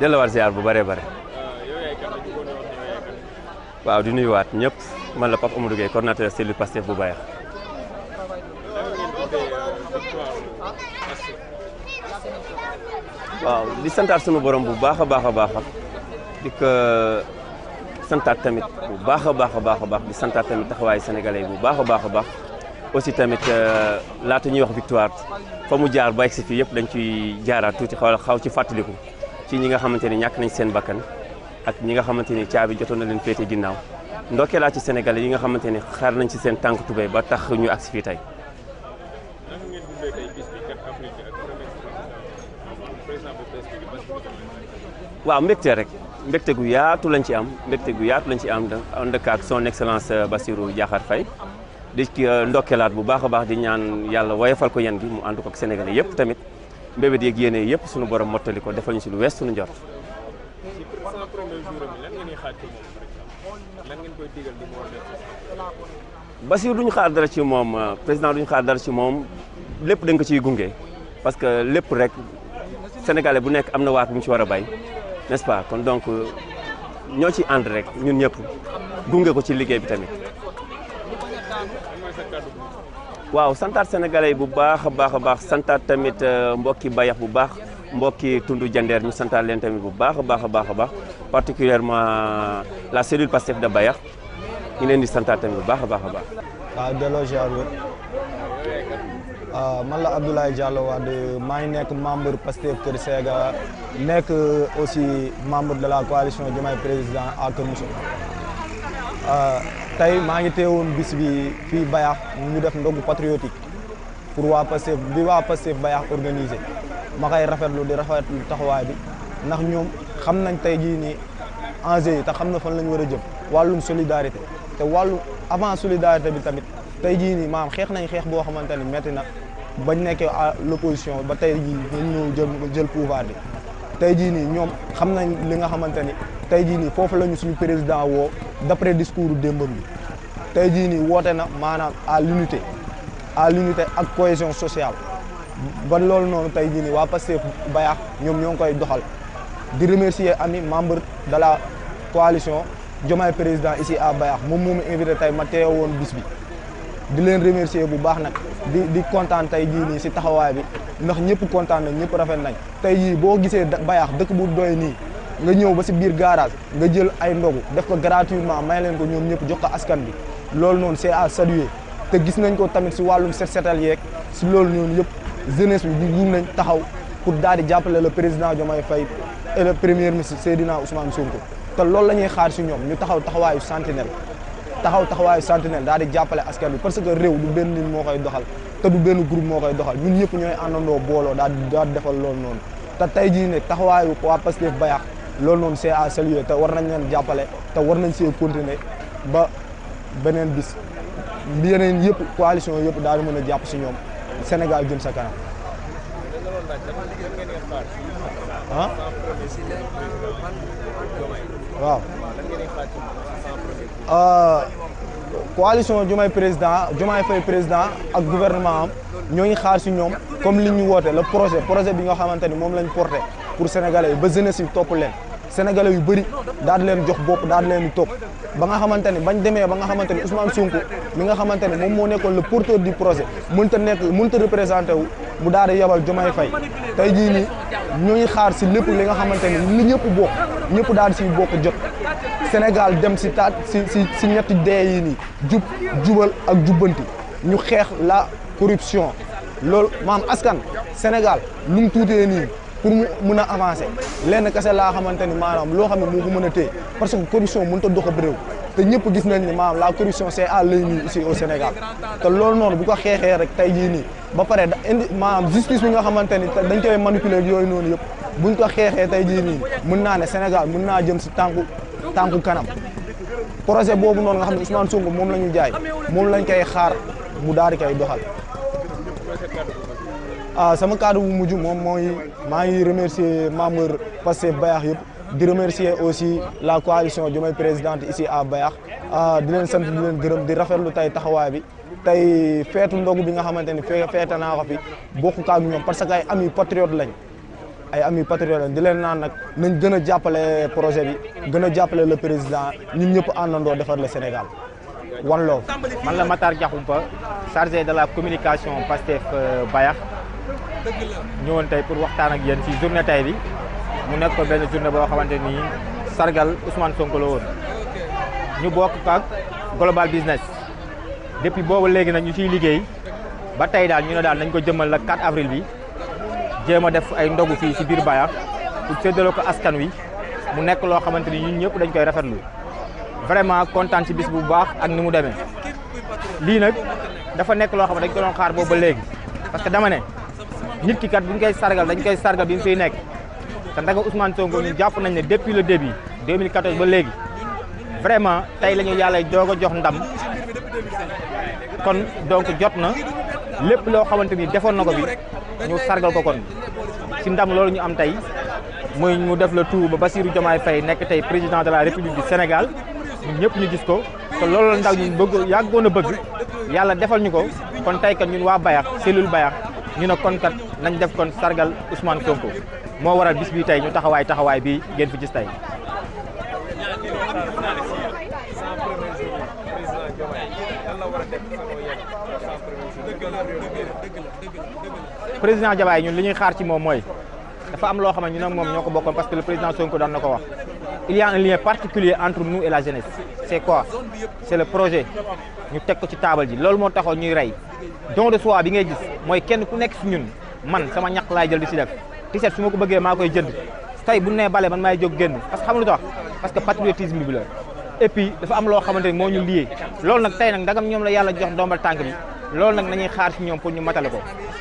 delluwaat ziar bu bëree bëri. Ah, waaw di nuyuwaat ñëpp man la Pape Amadou Gueye coordonnateur cellule bu Bayax. waaw di santaat sunu borom bu baax a baax a baax di ko santaat tamit bu baax a baax a baax a baax di santaat tamit taxawaayu sénégalais bu baax a baax a baax. aussi tamit euh, laata ñuy wax victoire fa mu jaar ba egsi fii yëpp dañ ciy jaaraat tuuti xaw xaw ci fàttaliku. ci ñi nga xamante ni ñàkk nañ seen bakkan ak ñi nga xamante ni caabi jotoon na leen féete ginnaaw ndokkee ci sénégalais yi nga xamante ni xaar nañ ci seen tànk tubéy ba tax ñu agsi fii tey waaw mbégte rek mbégte gu yaatu lañ ci am mbégte gu yaatu lañ ci am ànd ak son excellence euh, Bassirou Diakhar Faye di euh, ndokkeelaat bu baax a baax di ñaan yàlla woyofal ko yan gi mu ànd ko ak sénégalais yëpp tamit mbébét yeeg yéene yëpp suñu borom mottali ko defañu ñu si lu wees suñu njort. Bassirou duñu xaar dara ci moom euh, président duñu xaar dara ci moom lépp dañ ko ciy gunge parce que lépp rek sénégalais bu nekk am na waat bu mu ci war a bay n'est-ce pas kon donc euh, ñoo ci ànd rek ñun ñëpp gunge ko ci liggéey bi tamit. waaw santaat sénégalais yi bu baax a baax a baax santaat tamit euh, mbokki bayax bu baax mbokki tundu jandeer ñu santaat leen tamit bu baax a baax a baax a baax particulièrement la cellule Pastef de bayax ñu leen di santaat tamit bu baax a baax a baax waaw delloo ziar ah, man la Abdoulaye Diallo Wade maa ngi nekk membre Pastef Kër Sega nekk aussi membre de la coalition Diomaye président à Kër tey maa ngi teewoon bis bi fii Bayakh ñu def ndogu patriotique pour waa Pastef bi waa Pastef Bayakh organisé ma koy rafetlu di rafetlu taxawaay bi ndax ñoom xam nañ tey jii nii enjeu yi te xam na fan lañ war a jëm wàllum solidarité te wàllu avant solidarité bi tamit tey jii nii maam xeex nañ xeex boo xamante ni métti na bañ nekkee à l'opposition ba tey jii ñu ñëw jël jël pouvoir bi tey jii nii ñoom xam nañ li nga xamante ni tey jii nii foofu la ñu suñu président woo d'après discours démbam bi tey jii nii woote na maanaam à l'unité à l'unité ak cohésion sociale ba loolu noonu tey jii nii waa Pastef Bayakh ñoom ñoo ngi koy doxal di remercier ami membre de la coalition Diomaye président ici à Bayakh moom moo ma invité tey ma woon bis bi di leen remercier bu baax nag di di kontaan tey jii nii si taxawaay bi ndax ñëpp kontaan nañ ñëpp rafet nañ tey jii boo gisee bayaax dëkk bu doy nii nga ñëw ba si biir garage nga jël ay ndogu def ko gratuitement may leen ko ñoom ñëpp jox ko askan bi loolu noonu c'est à saluer te gis nañ ko tamit si wàllum set setal yeeg si loolu ñoonu yëpp jeunesse bi di nañ taxaw pour daal di jàppale la président Diomaye Faye et le premier ministre Seydina Ousmane ko te loolu ñuy xaar si ñoom ñu taxaw taxawaayu sentinelle taxaw taxawaayu sentinelle daal di jàppale askan bi parce que réew du benn nit moo koy doxal te du benn groupe moo koy doxal ñun ñëpp ñooy àndandoo booloo daa daal defal loolu noonu te tey jii ne taxawaayu waa Pastef Bayakh loolu noonu c'est à saluer te war nañ leen jàppale te war nañ see continuer ba beneen bis yeneen yëpp coalition yëpp daal di mën a jàpp si ñoom Sénégal jëm sa kanam waaw Euh, coalition a président Diomaye Faye président ak gouvernement am ñoo ngi xaar si ñoom comme li ñu woote le projet projet bi nga xamante ni moom lañ porté pour sénégalais yi ba jeunesse yi topp leen sénégalais yu bëri daal leen jox bopp daal di leen topp ba nga xamante ni bañ demee ba nga xamante ni Ousmane Sonko mi nga xamante ni moom moo nekkoon le porteur di projet mënut a nekk mënut a wu mu daal di yabal Diomaye fay tey jii nii ñoo ngi xaar si lépp li nga xamante ni li ñëpp bokk ñëpp daal siy bokk jot. Sénégal dem si taat si si si ñetti dee yi nii jub jubal ak jubbanti ñu xeex la corruption loolu maam askan Sénégal lu mu tuutee nii pour mu mën a avancer lenn kese laa xamante ni maanaam loo xam ne moo ko mun a téye parce que corruption mënut a dox ab réew te ñëpp gis nañ ni maanaam la corruption c'est à l'œil nu ici au Sénégal te loolu noonu bu ko xeexee rek tey jii nii ba pare da indi maanaam justice bi nga xamante ni dañ koy manipuler yooyu noonu yëpp buñ ko xeexee tey jii nii mën naa ne Sénégal mën naa jëm si tànku tànku kanam projet boobu noonu nga xam ne Ousmane Sonko moom la ñu jaay moom lañ koy xaar mu daal di koy doxal ah sama cadre bu mujj moom mooy maa ngi remercier membre Pastef bayaax yëpp di remercier aussi la coalition Diomaye présidente ici à Bayakh ah, di leen sant di leen gërëm di rafetlu tey taxawaay bi tey feetu ndogu bi nga xamante ni feete naa ko fi bokk kaag ñoom parce que ay ami patriote lañ ay amis patriotes lañ di leen naan nag nañ gën a jàppale projet bi gën a jàppale la président ñun ñëpp àndandoo defar le Sénégal one love. man la Matar Diakhoumpa chargé de la communication Pastef euh, Bayax ñëwoon tey pour waxtaan ak yéen ci journée tey bi mu nekk ko benn journée boo xamante ni sargal Ousmane Sonko la woon ñu bokk ak global business depuis boobu léegi nag ñu ciy liggéey ba tey daal ñu ne daal nañ ko jëmmal la 4 avril bi. jéem a def ay ndogu fii ci biir Baya pour séddale ko askan wi mu nekk loo xamante ni ñun ñëpp dañu koy rafet rafetlu vraiment kontaan ci bis bu baax ak ni mu demee lii nag dafa nekk loo xam ne dañ ko doon xaar boobu ba léegi parce que dama ne nit kat bu ñu koy sargal dañ koy sargal bi mu fiy nekk te ndaga Ousmane Sonko ñu jàpp nañ ne depuis le début 2014 ba léegi vraiment tey la ñu yàlla a jox ndam kon donc jot na lépp loo xamante ni defoon na ko bi ñu sargal ko kon ci ndam loolu ñu am tey muy ñu def la tout ba Bassirou Diomaye Faye nekk tey président de la République du Sénégal ñun ñëpp ñu gis ko te loolu ndaw ñu bëgg yàggoon a bëgg yàlla defal ñu ko kon teykat kat ñun waa Bayax cellule Bayax ñu ne kon kat nañ def kon sargal Ousmane Sonko moo waral bis bi tey ñu taxawaay taxawaay bi ngeen fi gis tey. président Diomaye ñun li ñuy xaar ci mom moy dafa am lo xam ñun ak moom ñoo ko parce que le président Sonko dañ nako wax il y a un lien particulier entre nous et la jeunesse c'est quoi c'est le projet ñu tek ko ci table ji loolu mo taxoon ñuy ray don de soi bi ngay gis moy kenn ku nekk ci ñun man sama ñak laay jël di ci def t-shirt su ma ko bëggee maa koy jënd tay bu nee balé man may jog genn parce que xam lu tax parce que patriotisme bi la et puis dafa am lo xamante mo ñu lié loolu nak tay nak ndagam ñom la yalla jox ndombal tank bi loolu nag nañuy xaar si ñoom pour ñu matale ko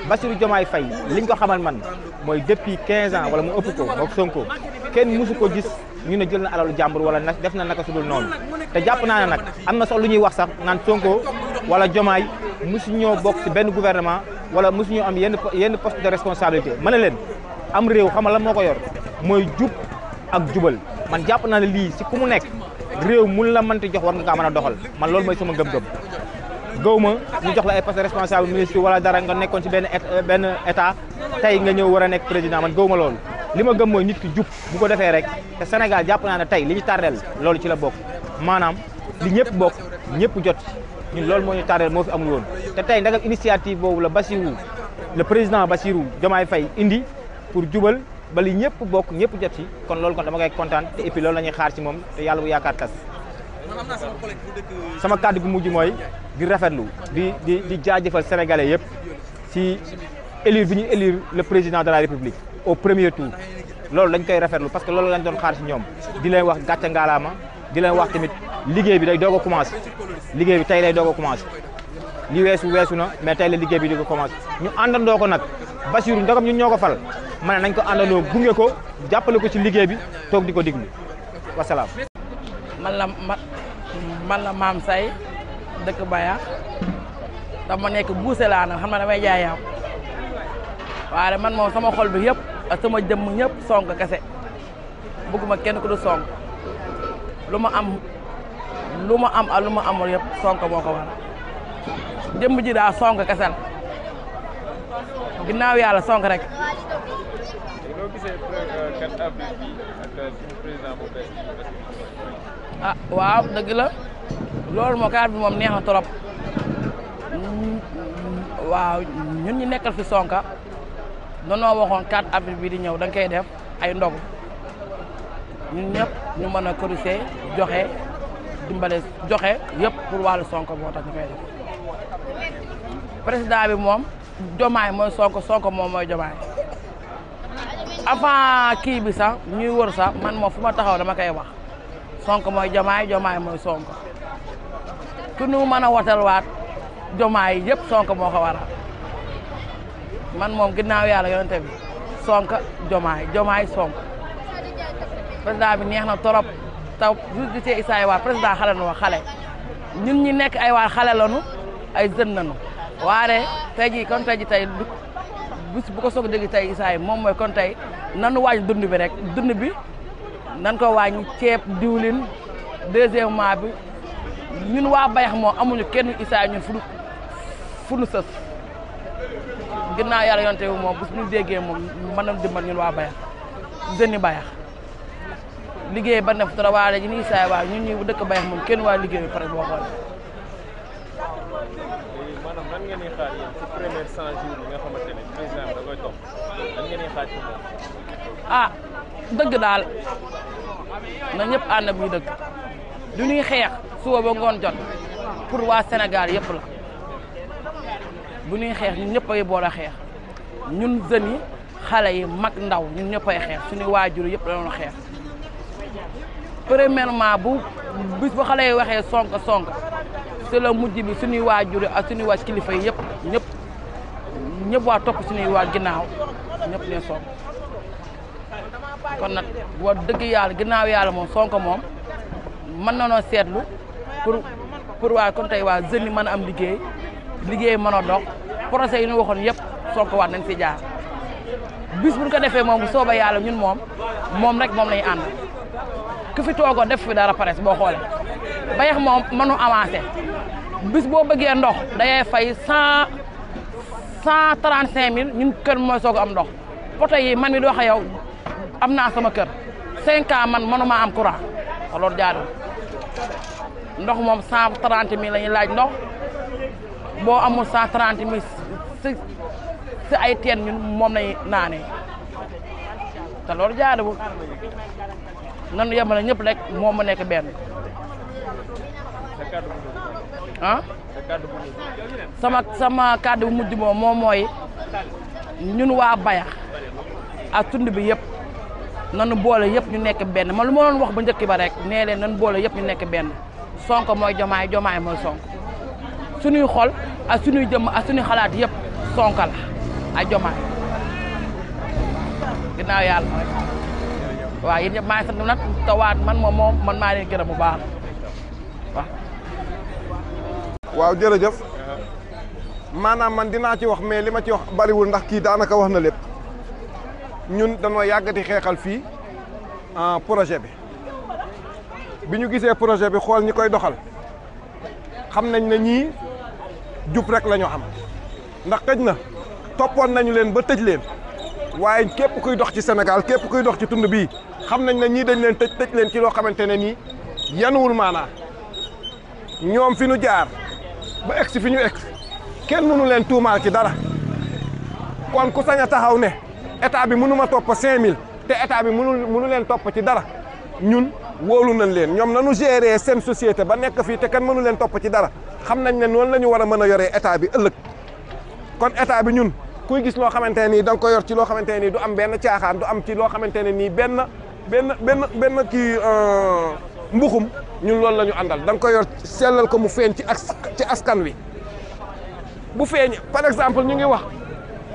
Bassirou Diomaye Faye liñ ko xamal man mooy depuis 15 ans wala mu ëpp ko mook Sonko kenn musu ko gis ñu ne jël na alalu jàmbur wala na def na naka sudul noonu te jàpp naa ne nag am na sax lu ñuy wax sax naan Sonko wala Diomaye musu ñoo bokk si benn gouvernement wala musu ñoo am yenn yenn poste de responsabilité mën na leen am réew xamal la moo ko yor mooy jub ak jubal man jàpp naa ne lii si ku mu nekk réew mun la mënti jox war nga kaa mën a doxal man loolu mooy sama gëm-gëm gawma ñu jox la ay poste responsable ministre wala dara nga nekkon ci ben ben état tay nga ñew wara nek président man gawma lool lima gëm moy nit ki jup bu ko defee rek té sénégal japp na na tay liñu tardel loolu ci la bok manam li ñepp bok ñepp jot ñun lool moo ñu tardel mo fi amul woon té tay ndagam initiative bobu la basiru le président basirou jomay fay indi pour jubal ba li ñëpp bokk ñëpp jot ci kon loolu kon dama ngay contane te et puis loolu lañuy xaar ci mom te yalla bu yaakaar tass sama kàddu gu mujj mooy di lu di di di jaajëfal sénégalais yëpp si élire bi ñu élire le président de la république au premier tour loolu dañ koy rafetlu parce que loolu lañ doon xaar ñoom di leen wax gàcce ngaalaama di leen wax tamit liggéey bi day doo ko commencé liggéey bi tey lay doog a commencé li weesu weesu na mais tey la liggéey bi di ko commencé ñu àndandoo ko nag Bassirou ndagam ñu ñoo ko fal ma ne nañ ko àndandoo gunge ko jàppale ko ci liggéey bi toog di ko diglu man la maam say dëkk Bayax dama nekk buuse laa nag xam na damay jaay yàpp waaye man moom sama xol bi yëpp ak sama jëmm ñëpp sonk kese bëgguma kenn ku du sonk lu ma am lu mu am ak lu ma amul yëpp sonk moo ko war jëmm ji daa sonk kese la ginnaaw yàlla sonk rek. loo ah, waaw dëgg la. loolu moo kaar bi moom neex na trop waaw ñun ñu nekkal fi Sonko danoo waxoon 4 avril bii di ñëw da koy def ay ndog ñun ñëpp ñu mën a cotiser joxe dimbale joxe yëpp pour wàllu Sonko boo tax ñu koy bi moom Diomaye mooy Sonko Sonko moom mooy Diomaye avant kii bi sax ñuy wër sax man moom fu ma taxaw dama koy wax Sonko mooy Diomaye Diomaye mooy Sonko ku nu mën a wotal waat jomaay yëpp sonk moo ko man moom ginnaaw yàlla yonente bi Sonko jomaay jomaay Sonko président bi neex na trop taw justice Issa ay président xale na wax xale ñun nekk ay waar xale lanu ay jeune nanu waare tey jii kon tey ji tey bis bu ko soog dégg tey Issa yi moom mooy kon tey nan wàññi dund bi rek dund bi nan ko wàññi ceeb diwlin deuxièmement bi ñun waa bayax moom amuñu kenn Issa ñun fu nu fu nu sës ginnaaw yàlla yonte moom bis bu ñu déggee moom mën nañu dimbal ñun waa bayax jëni bayax liggéey ba nef dara waa léegi nii Issa waa ñun ñi dëkk bayax moom kenn waa liggéey bi pare boo xoolee ah dëgg daal na ñëpp ànd ak muy dëgg lu ñuy xeex suba ba ngoon jot pour waa Sénégal yëpp la bu ñuy xeex ñun ñëpp ay bool a xeex ñun jeunes xale yi mag ndaw ñun ñëpp ay xeex suñu waajur yëpp la doon xeex premièrement bu bis bu xale yi waxee sonk sonk c'est le mujj bi suñuy waajur yi ak suñuy waa kilifa yi yëpp ñëpp ñëpp waa topp suñuy waa ginnaaw ñëpp ne sonk kon nag boo dëgg yàlla ginnaaw yàlla moom sonk moom mën na noo seetlu pour pour waa comme tey waa jeunes yi mën a am liggéey liggéey mën a dox projet yi ñu waxoon yëpp soo ko waat nañ si jaar bis buñ ko defee moom bu sooba yàlla ñun moom moom rek moom lañu ànd ku fi toogoon def fi dara pare boo xoolee bayax moom mënu avancé bis boo bëggee ndox dayay fay cent cent trente cinq mille ñun kër mooy soog am ndox poto yi man mi di wax yow am naa sama kër cinq ans man mënumaa am courant te loolu ndox moom cent trente mille la laaj ndox boo amul cent trente mille si ay teen ñun moom lañuy naane te loolu jaaduwul nanu na ñëpp rek moom mu nekk benn ah sama sama kàddu bu mujj moom moom mooy ñun waa Bayax ak tund bi yëpp nanu boole yëpp ñu nekk benn man lu ma doon wax ba njëkk ba rek nee leen nanu boole yëpp ñu nekk benn Sonko mooy Jomaay Jomaay mooy Sonko suñuy xol ak suñuy jëmm ak suñuy xalaat yëpp Sonko a ak Jomaay ginnaaw yàlla waaw yéen ñëpp maa ngi sant nag tawaat man moom moom man maa leen gërëm bu baax waaw. waaw jërëjëf maanaam man dinaa ci wax mais li ma ci wax bariwul ndax kii daanaka wax na lépp ñun danoo yàggati xeexal fii ah, projet bi. bi ñu gisee projet bi xool ñi koy doxal xam nañ ne ñii jub rek la am ndax xëj na toppoon nañu leen ba tëj leen waaye képp kuy dox ci senegal képp kuy dox ci tund bii xam nañ ne ñii dañ leen tëj tëj leen ci loo xamante ne nii yanuwul maanaa ñoom fi ñu jaar ba egsi fi ñu egsi kenn mënu leen tuumaal ci dara kon ku sañ a taxaw ne état bi mënu ma topp 5000 te état bi mënu mënu leen topp ci dara ñun. wóolu nañ leen ñoom nanu gérer seen société ba nekk fii te kenn mënu leen topp ci dara xam nañ ne noonu la war a mën a yoree état bi ëllëg kon état bi ñun kuy gis loo xamante ne nii da nga ko yor ci loo xamante ne nii du am benn caaxaan du am ci loo xamante ne nii benn benn benn benn kii euh, mbuxum ñun loolu la ñu àndal da nga ko yor seelal ko mu feeñ ci ci askan wi bu feeñ par exemple ñu ngi wax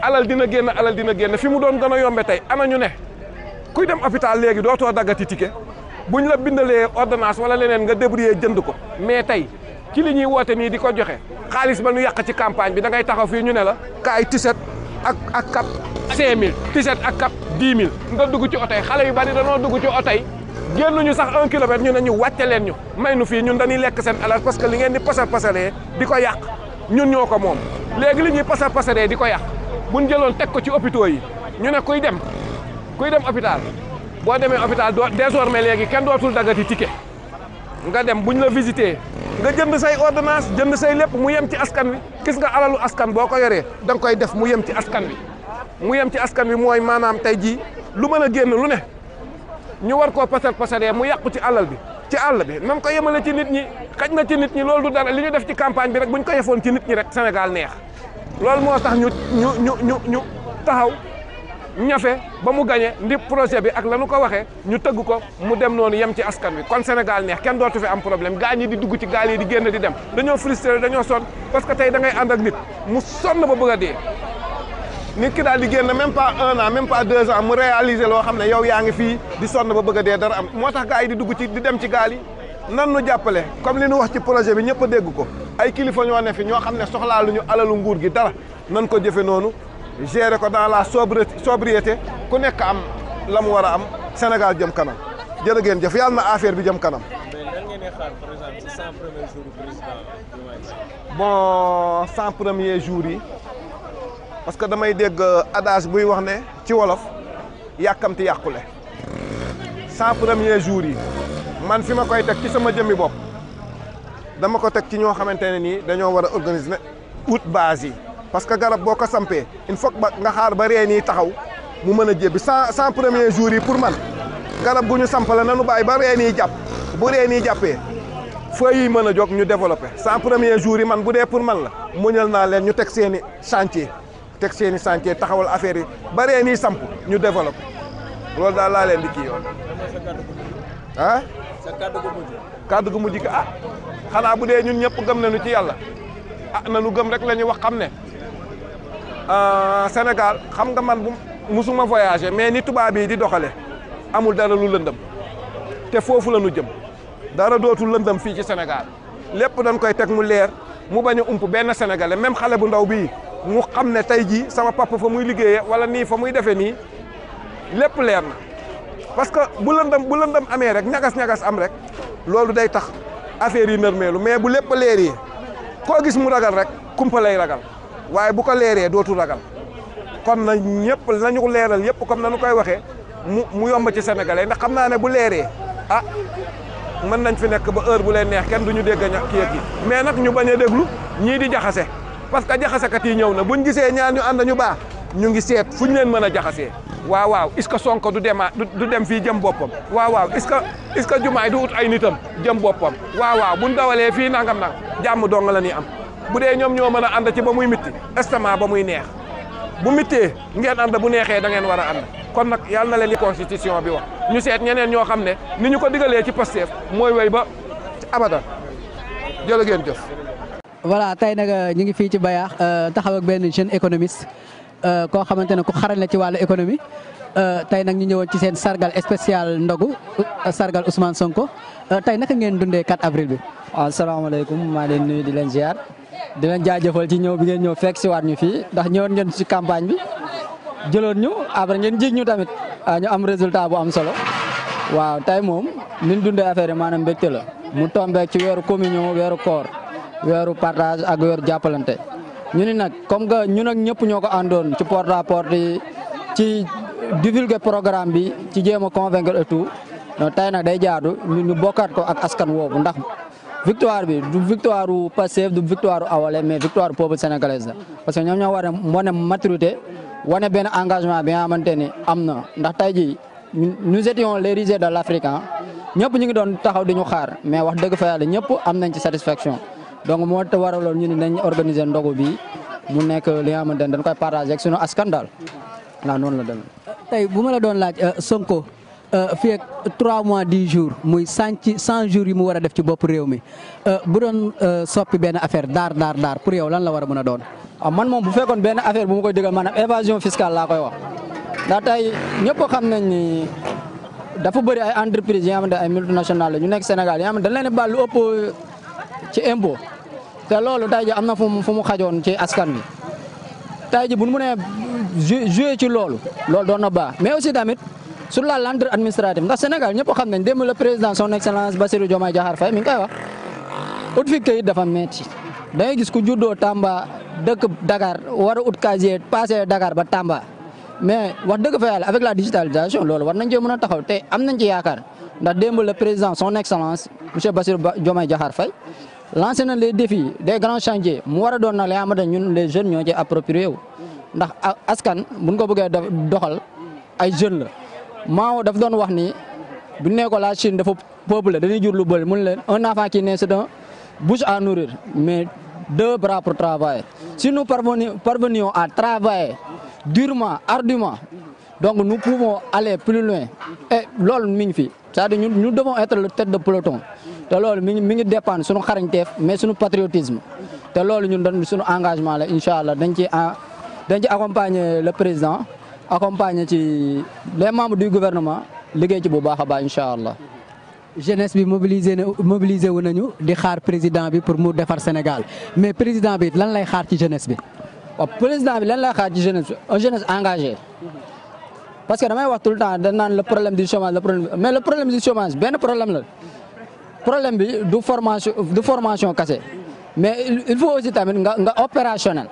alal dina génn alal dina génn fi mu doon gën a yombe tey ana ñu ne kuy dem hôpital léegi dootoo daggati ticket bu ñu la bindalee ordonnance wala leneen nga débrouiller jënd ko mais tey ci li ñu woote nii di ko joxe xaalis ba nu yàq ci campagne bi da ngay taxaw fii ñu ne la kaay tiset ak ak cap 5000 tiset ak cap 10 000 nga dugg ci oto yi xale yu bari danoo dugg ci oto yi génnuñu sax un kilomètre ñu ne ñu wàcce leen ñu may nu fii ñun dañuy lekk seen alal parce que li ngeen di pasar pasaree di ko yàq ñun ñoo ko moom léegi li ñuy pasar pasaree di ko yàq buñ jëloon teg ko ci hôpitaux yi ñu ne kuy dem kuy dem hôpital bo démé hôpital do désormais léegi kenn dootul dagati ticket nga dem buñ la visiter nga jënd say ordonnance jënd say lépp mu yëm ci askan wi gis nga alalu askan boko ko dang koy def mu yëm ci askan wi mu yëm ci askan wi moy manam tay ji lu mëna génn lu ne ñu war ko pasar passeré mu yaq ci alal bi ci àll bi nam ko yëmalé ci nit ñi xaj na ci nit ñi loolu du dara li ñu def ci campagne bi rek buñ ko yefoon ci nit ñi rek Sénégal neex lool mo tax ñu ñu ñu ñu taxaw ñafé ba mu gagné ndi projet bi ak lañu ko waxé ñu teug ko mu dem noonu yem ci askan bi kon Sénégal neex kenn dootu fi am problème gañi di dugg ci gaal yi di génn di dem dañoo frustré dañoo son parce que tay da ngay and ak nit mu sonn ba bëgg a nit ki daal di génn même pas un an même pas deux ans mu réaliser loo xam ne yow yaa ngi fii di sonn ba bëgg a dee dara am moo tax gaa yi di dugg ci di dem ci gaal yi nan nu jàppale comme li nu wax ci projet bi ñëpp dégg ko ay kilifa ñoo ne fi ñoo xam ne soxlaaluñu alalu nguur gi dara nan ko jëfe noonu j'ai ko la sobriété ku nek am la wara am Sénégal jëm kanam affaire bi bon 100 premiers jours parce que damay dégg adage buy wax ne ci wolof yakamti yakulé 100 premiers jours man fima koy tek ci sama jëmmi bop dama ko tek ci ño organiser base parce que garab boo ko sampee il faut nga xaar ba reen yi taxaw mu mën a jébbi cent cent premiers jours yi pour man garab gu ñu samp la nanu bàyyi ba reen yi jàpp bu reen yi jàppee feuilles yi mën a jóg ñu développé cent premiers jours man bu dee pour man la muñal naa leen ñu teg seen i chantier teg seen i taxawal affaire yi ba reen yi samp ñu développé loolu daal laa leen di kii yoon ah kàddu gu mujj gi ah, xanaa bu dee ñun ñëpp gëm nañu ci yàlla ah nanu gëm rek la ñuy wax xam ne Euh, Sénégal xam nga man bu musuma voyager mais ni tubaab yi di doxale amul dara lu lëndëm te foofu la ñu jëm dara dootul lëndëm fii ci Sénégal lépp dañ koy teg mu leer mu bañ a ump benn sénégalais même xale bu ndaw bii mu xam ne tey jii sama papa fa muy liggéeyee wala nii fa muy defee nii lépp leer na parce que bu lëndëm bu lëndëm amee rek ñagas-ñagas am rek loolu day tax affaire yi nërmeelu mais bu lépp leer yi koo gis mu ragal rek kumpa lay ragal. waaye bu ko leeree dootu ragal kon na ñëpp nañu ko leeral ñëpp comme nañu koy waxee mu mu yomb ci sénégalais ndax xam naa ne bu leeree ah mën nañ fi nekk ba heure bu leen neex kenn du ñu ña kii ak kii mais nag ñu bañ a déglu ñii di jaxase parce que jaxasekat yi ñëw na buñ gisee ñaan ñu ànd ñu baax ñu ngi seet fu ñu leen mën a jaxasee waaw waaw ce que Sonko du dema du dem fii jëm boppam waaw waaw est-ce que est-ce que jumaay du ut ay nitam jëm boppam waaw waaw buñ dawalee fii nangam nag jàmm dong la ñuy am Budaya nyom ñoom ñoo anda a ànd ci ba muy mitti estomac ba muy neex bu miti ngeen ànd bu neexee da ngeen wara a kon na leen constitution bi wax ñu seet ñeneen ñoo xam ne ni ñu ko digalee ci Pastef mooy way ba abada jërë ngeen jëf voilà tay nag euh, ñu ngi fi ci bayaax euh, taxaw ak ben jeune économiste euh, koo xamante ne ko xarañ na ci wàllu économie tay ñu ci sargal spécial ndogu sargal Ousmane Sonko tay naka ngeen dundee 4 avril bi waaw salaamaaleykum maa leen di leen jaajëfal ci ñew bi ngeen ñew fekk ci waat ñu fi ndax ñëwoon ngeen ci campagne bi jëlon ñu après ngeen jiñ ñu tamit ah, ñu am résultat bu am solo waaw tay mom ni ñu affaire manam maanaam la mu tombé ci weeru communion weeru koor weeru partage ak weeru jappalanté ñu ni nak comme nga ñun ak ñëpp ñoko andon ci porte à porte ci divulguer programme bi ci jéem convaincre et tout tay nak day jaadu ñu bokkat ko ak askan woowu ndax victoire bi du victoire u Pastef du victoire u Awalé mais victoire peuple sénégalaise la parce ñoom ñoo a wane maturité wane benn engagement bi nga am na ndax tey jii nous étions les risées de l'Afrique ah. ñëpp ñu ngi doon taxaw di ñu xaar mais wax dëgg fa yàlla ñëpp am nañ ci satisfaction donc moo te waraloon ñu ne nañ organiser ndogu bi mu nekk li nga xamante ni dañ koy partager ak sunu askan daal ndax noonu la demee. tey bu ma la doon laaj euh, Sonko. Euh, fii ak 3 mois 10 jours muy sànci 100 jours yi mu war a def ci bopp réew mi euh, bu doon euh, soppi benn affaire daar daar daar pour yow lan la war a mën a doon. waaw ah, man moom bu fekkoon benn affaire bu ma koy dëggal maanaam évasion fiscale laa koy wax ndax tey ñëpp xam nañ ni dafa bëri ay entreprises yi nga xamante ay multinationales la ñu nekk Sénégal yi nga xam dañ a baal lu ëpp ci impôt te loolu tey ji am na fu mu fu mu xajoon ci askan wi tey ji bu ñu mënee jouer ci loolu loolu doon sur la lande administrative ndax Sénégal ñëpp xam nañ démb le président son excellence Bassirou Diomaye jahar fay mi ngi koy wax out fi kay dafa metti da ngay gis ku juddo Tamba deuk Dakar wara out casier passer Dakar ba Tamba mais wax deug fa yalla avec la digitalisation lolu war nañ ci mëna taxaw té am nañ ci yaakar ndax démb le président son excellence monsieur Bassirou Diomaye jahar fay lancé na les défis des grands chantiers mu wara don na li la ñun les jeunes ñoo ci approprier wu ndax askan buñ ko bëggee doxal ay jeunes la Mao daf doon wax ni bu la Chine dafa dañuy jur mun un enfant qui naît c'est un bouche à nourrir mais deux bras pour travailler. Si nous parvenions à travailler durement, ardument, donc nous pouvons aller plus loin. Et c'est-à-dire nous, nous devons être le tête de peloton. Nous lol de notre caractère, mais de notre patriotisme. ce lol nous donnons notre engagement la inshallah, accompagner le président accompagner ci les membres du gouvernement liggéey ci bu baax ba inshallah jeunesse bi mobilisé na mobilisé di xaar président bi pour mu défar Sénégal mais président bi lan lay xaar ci jeunesse bi. Oh, président bi lan lay xaar ci jeunesse un jeunesse engagée. parce que damay wax tout le temps dañ nan le problème du chômage le problème mais le problème du chômage ben problème la. problème bi du formation du formation cassée. mais il faut aussi tamit nga nga opérationnel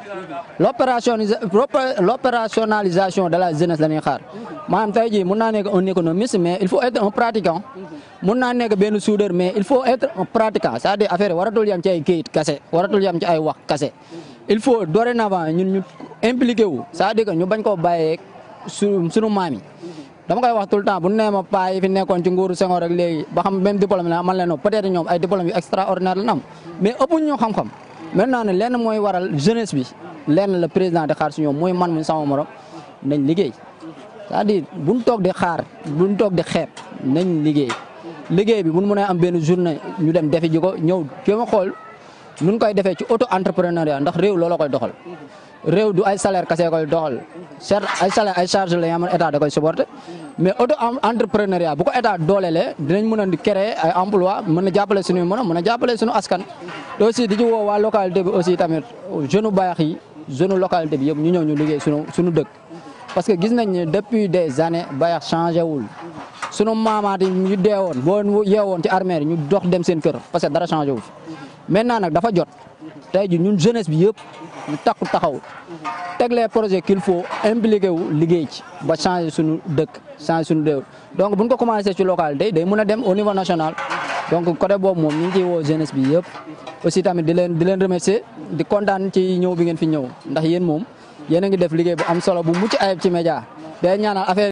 l' opérationnalisation de la jeunesse la ñuy xaar maanaam tey jii mun naa nekk un économiste mais il faut être un pratiquant mun naa nekk benn suuder mais il faut être un pratiquant c'est-à-dire affaire waratul yam ci ay kayit kase waratul yam ci ay wax kase il faut dorénavant ñun ñu impliqué wu cest à ñu bañ koo bàyyee su suñu maam yi dama koy wax tout le temps bu nee ma paa yi fi nekkoon ci nguuru Senghor rek léegi ba xam même diplôme la man la non peut-être ñoom ay diplôme yu extraordinaire la am mais ëppuñ ñu xam-xam maintenant ne lenn mooy waral jeunesse bi lenn la président di xaar si ñoom mooy man mu sama morom nañ liggéey c'est-à-dire toog di xaar buñ toog di xeeb nañ liggéey liggéey bi buñ mënee am benn journée ñu dem defi ji ko ñëw jéem a xool nuñ koy defee ci auto entrepreneuriat ndax réew loola koy doxal réew du ay salaire kese koy doxal certes ay salaire ay charge la yoo xam état da koy supporter mais auto entrepreneuriat bu ko état doolelee dinañ mën a créer ay emploi mën a jàppale suñuy mën a mën a jàppale suñu askan te aussi di ci woo waa localité bi aussi tamit jeune baax yi jeune localité bi yëpp ñu ñëw ñu liggéey suñu suñu dëkk parce que gis nañ ne depuis des années Bayax changé wul sunu maamaat yi ñu deewoon boo yeewoon ci armée ñu dox dem seen kër parce que dara changé wul maintenant nag dafa jot tay ji ñun jeunesse bi yépp ñu takku taxaw tek les projets qu'il faut impliquer wu liggéey ci ba changer suñu dëkk changer suñu réew donc buñ ko commencé ci local day day mëna dem au niveau national donc côté boobu mom ñi ngi wo jeunesse bi yépp aussi tamit di leen di leen remercier di kontaan ci ñëw bi ngeen fi ñëw ndax yeen mom yéen a ngi def liggéey bu am solo bu mucc ayib ci média day ñaanal affaire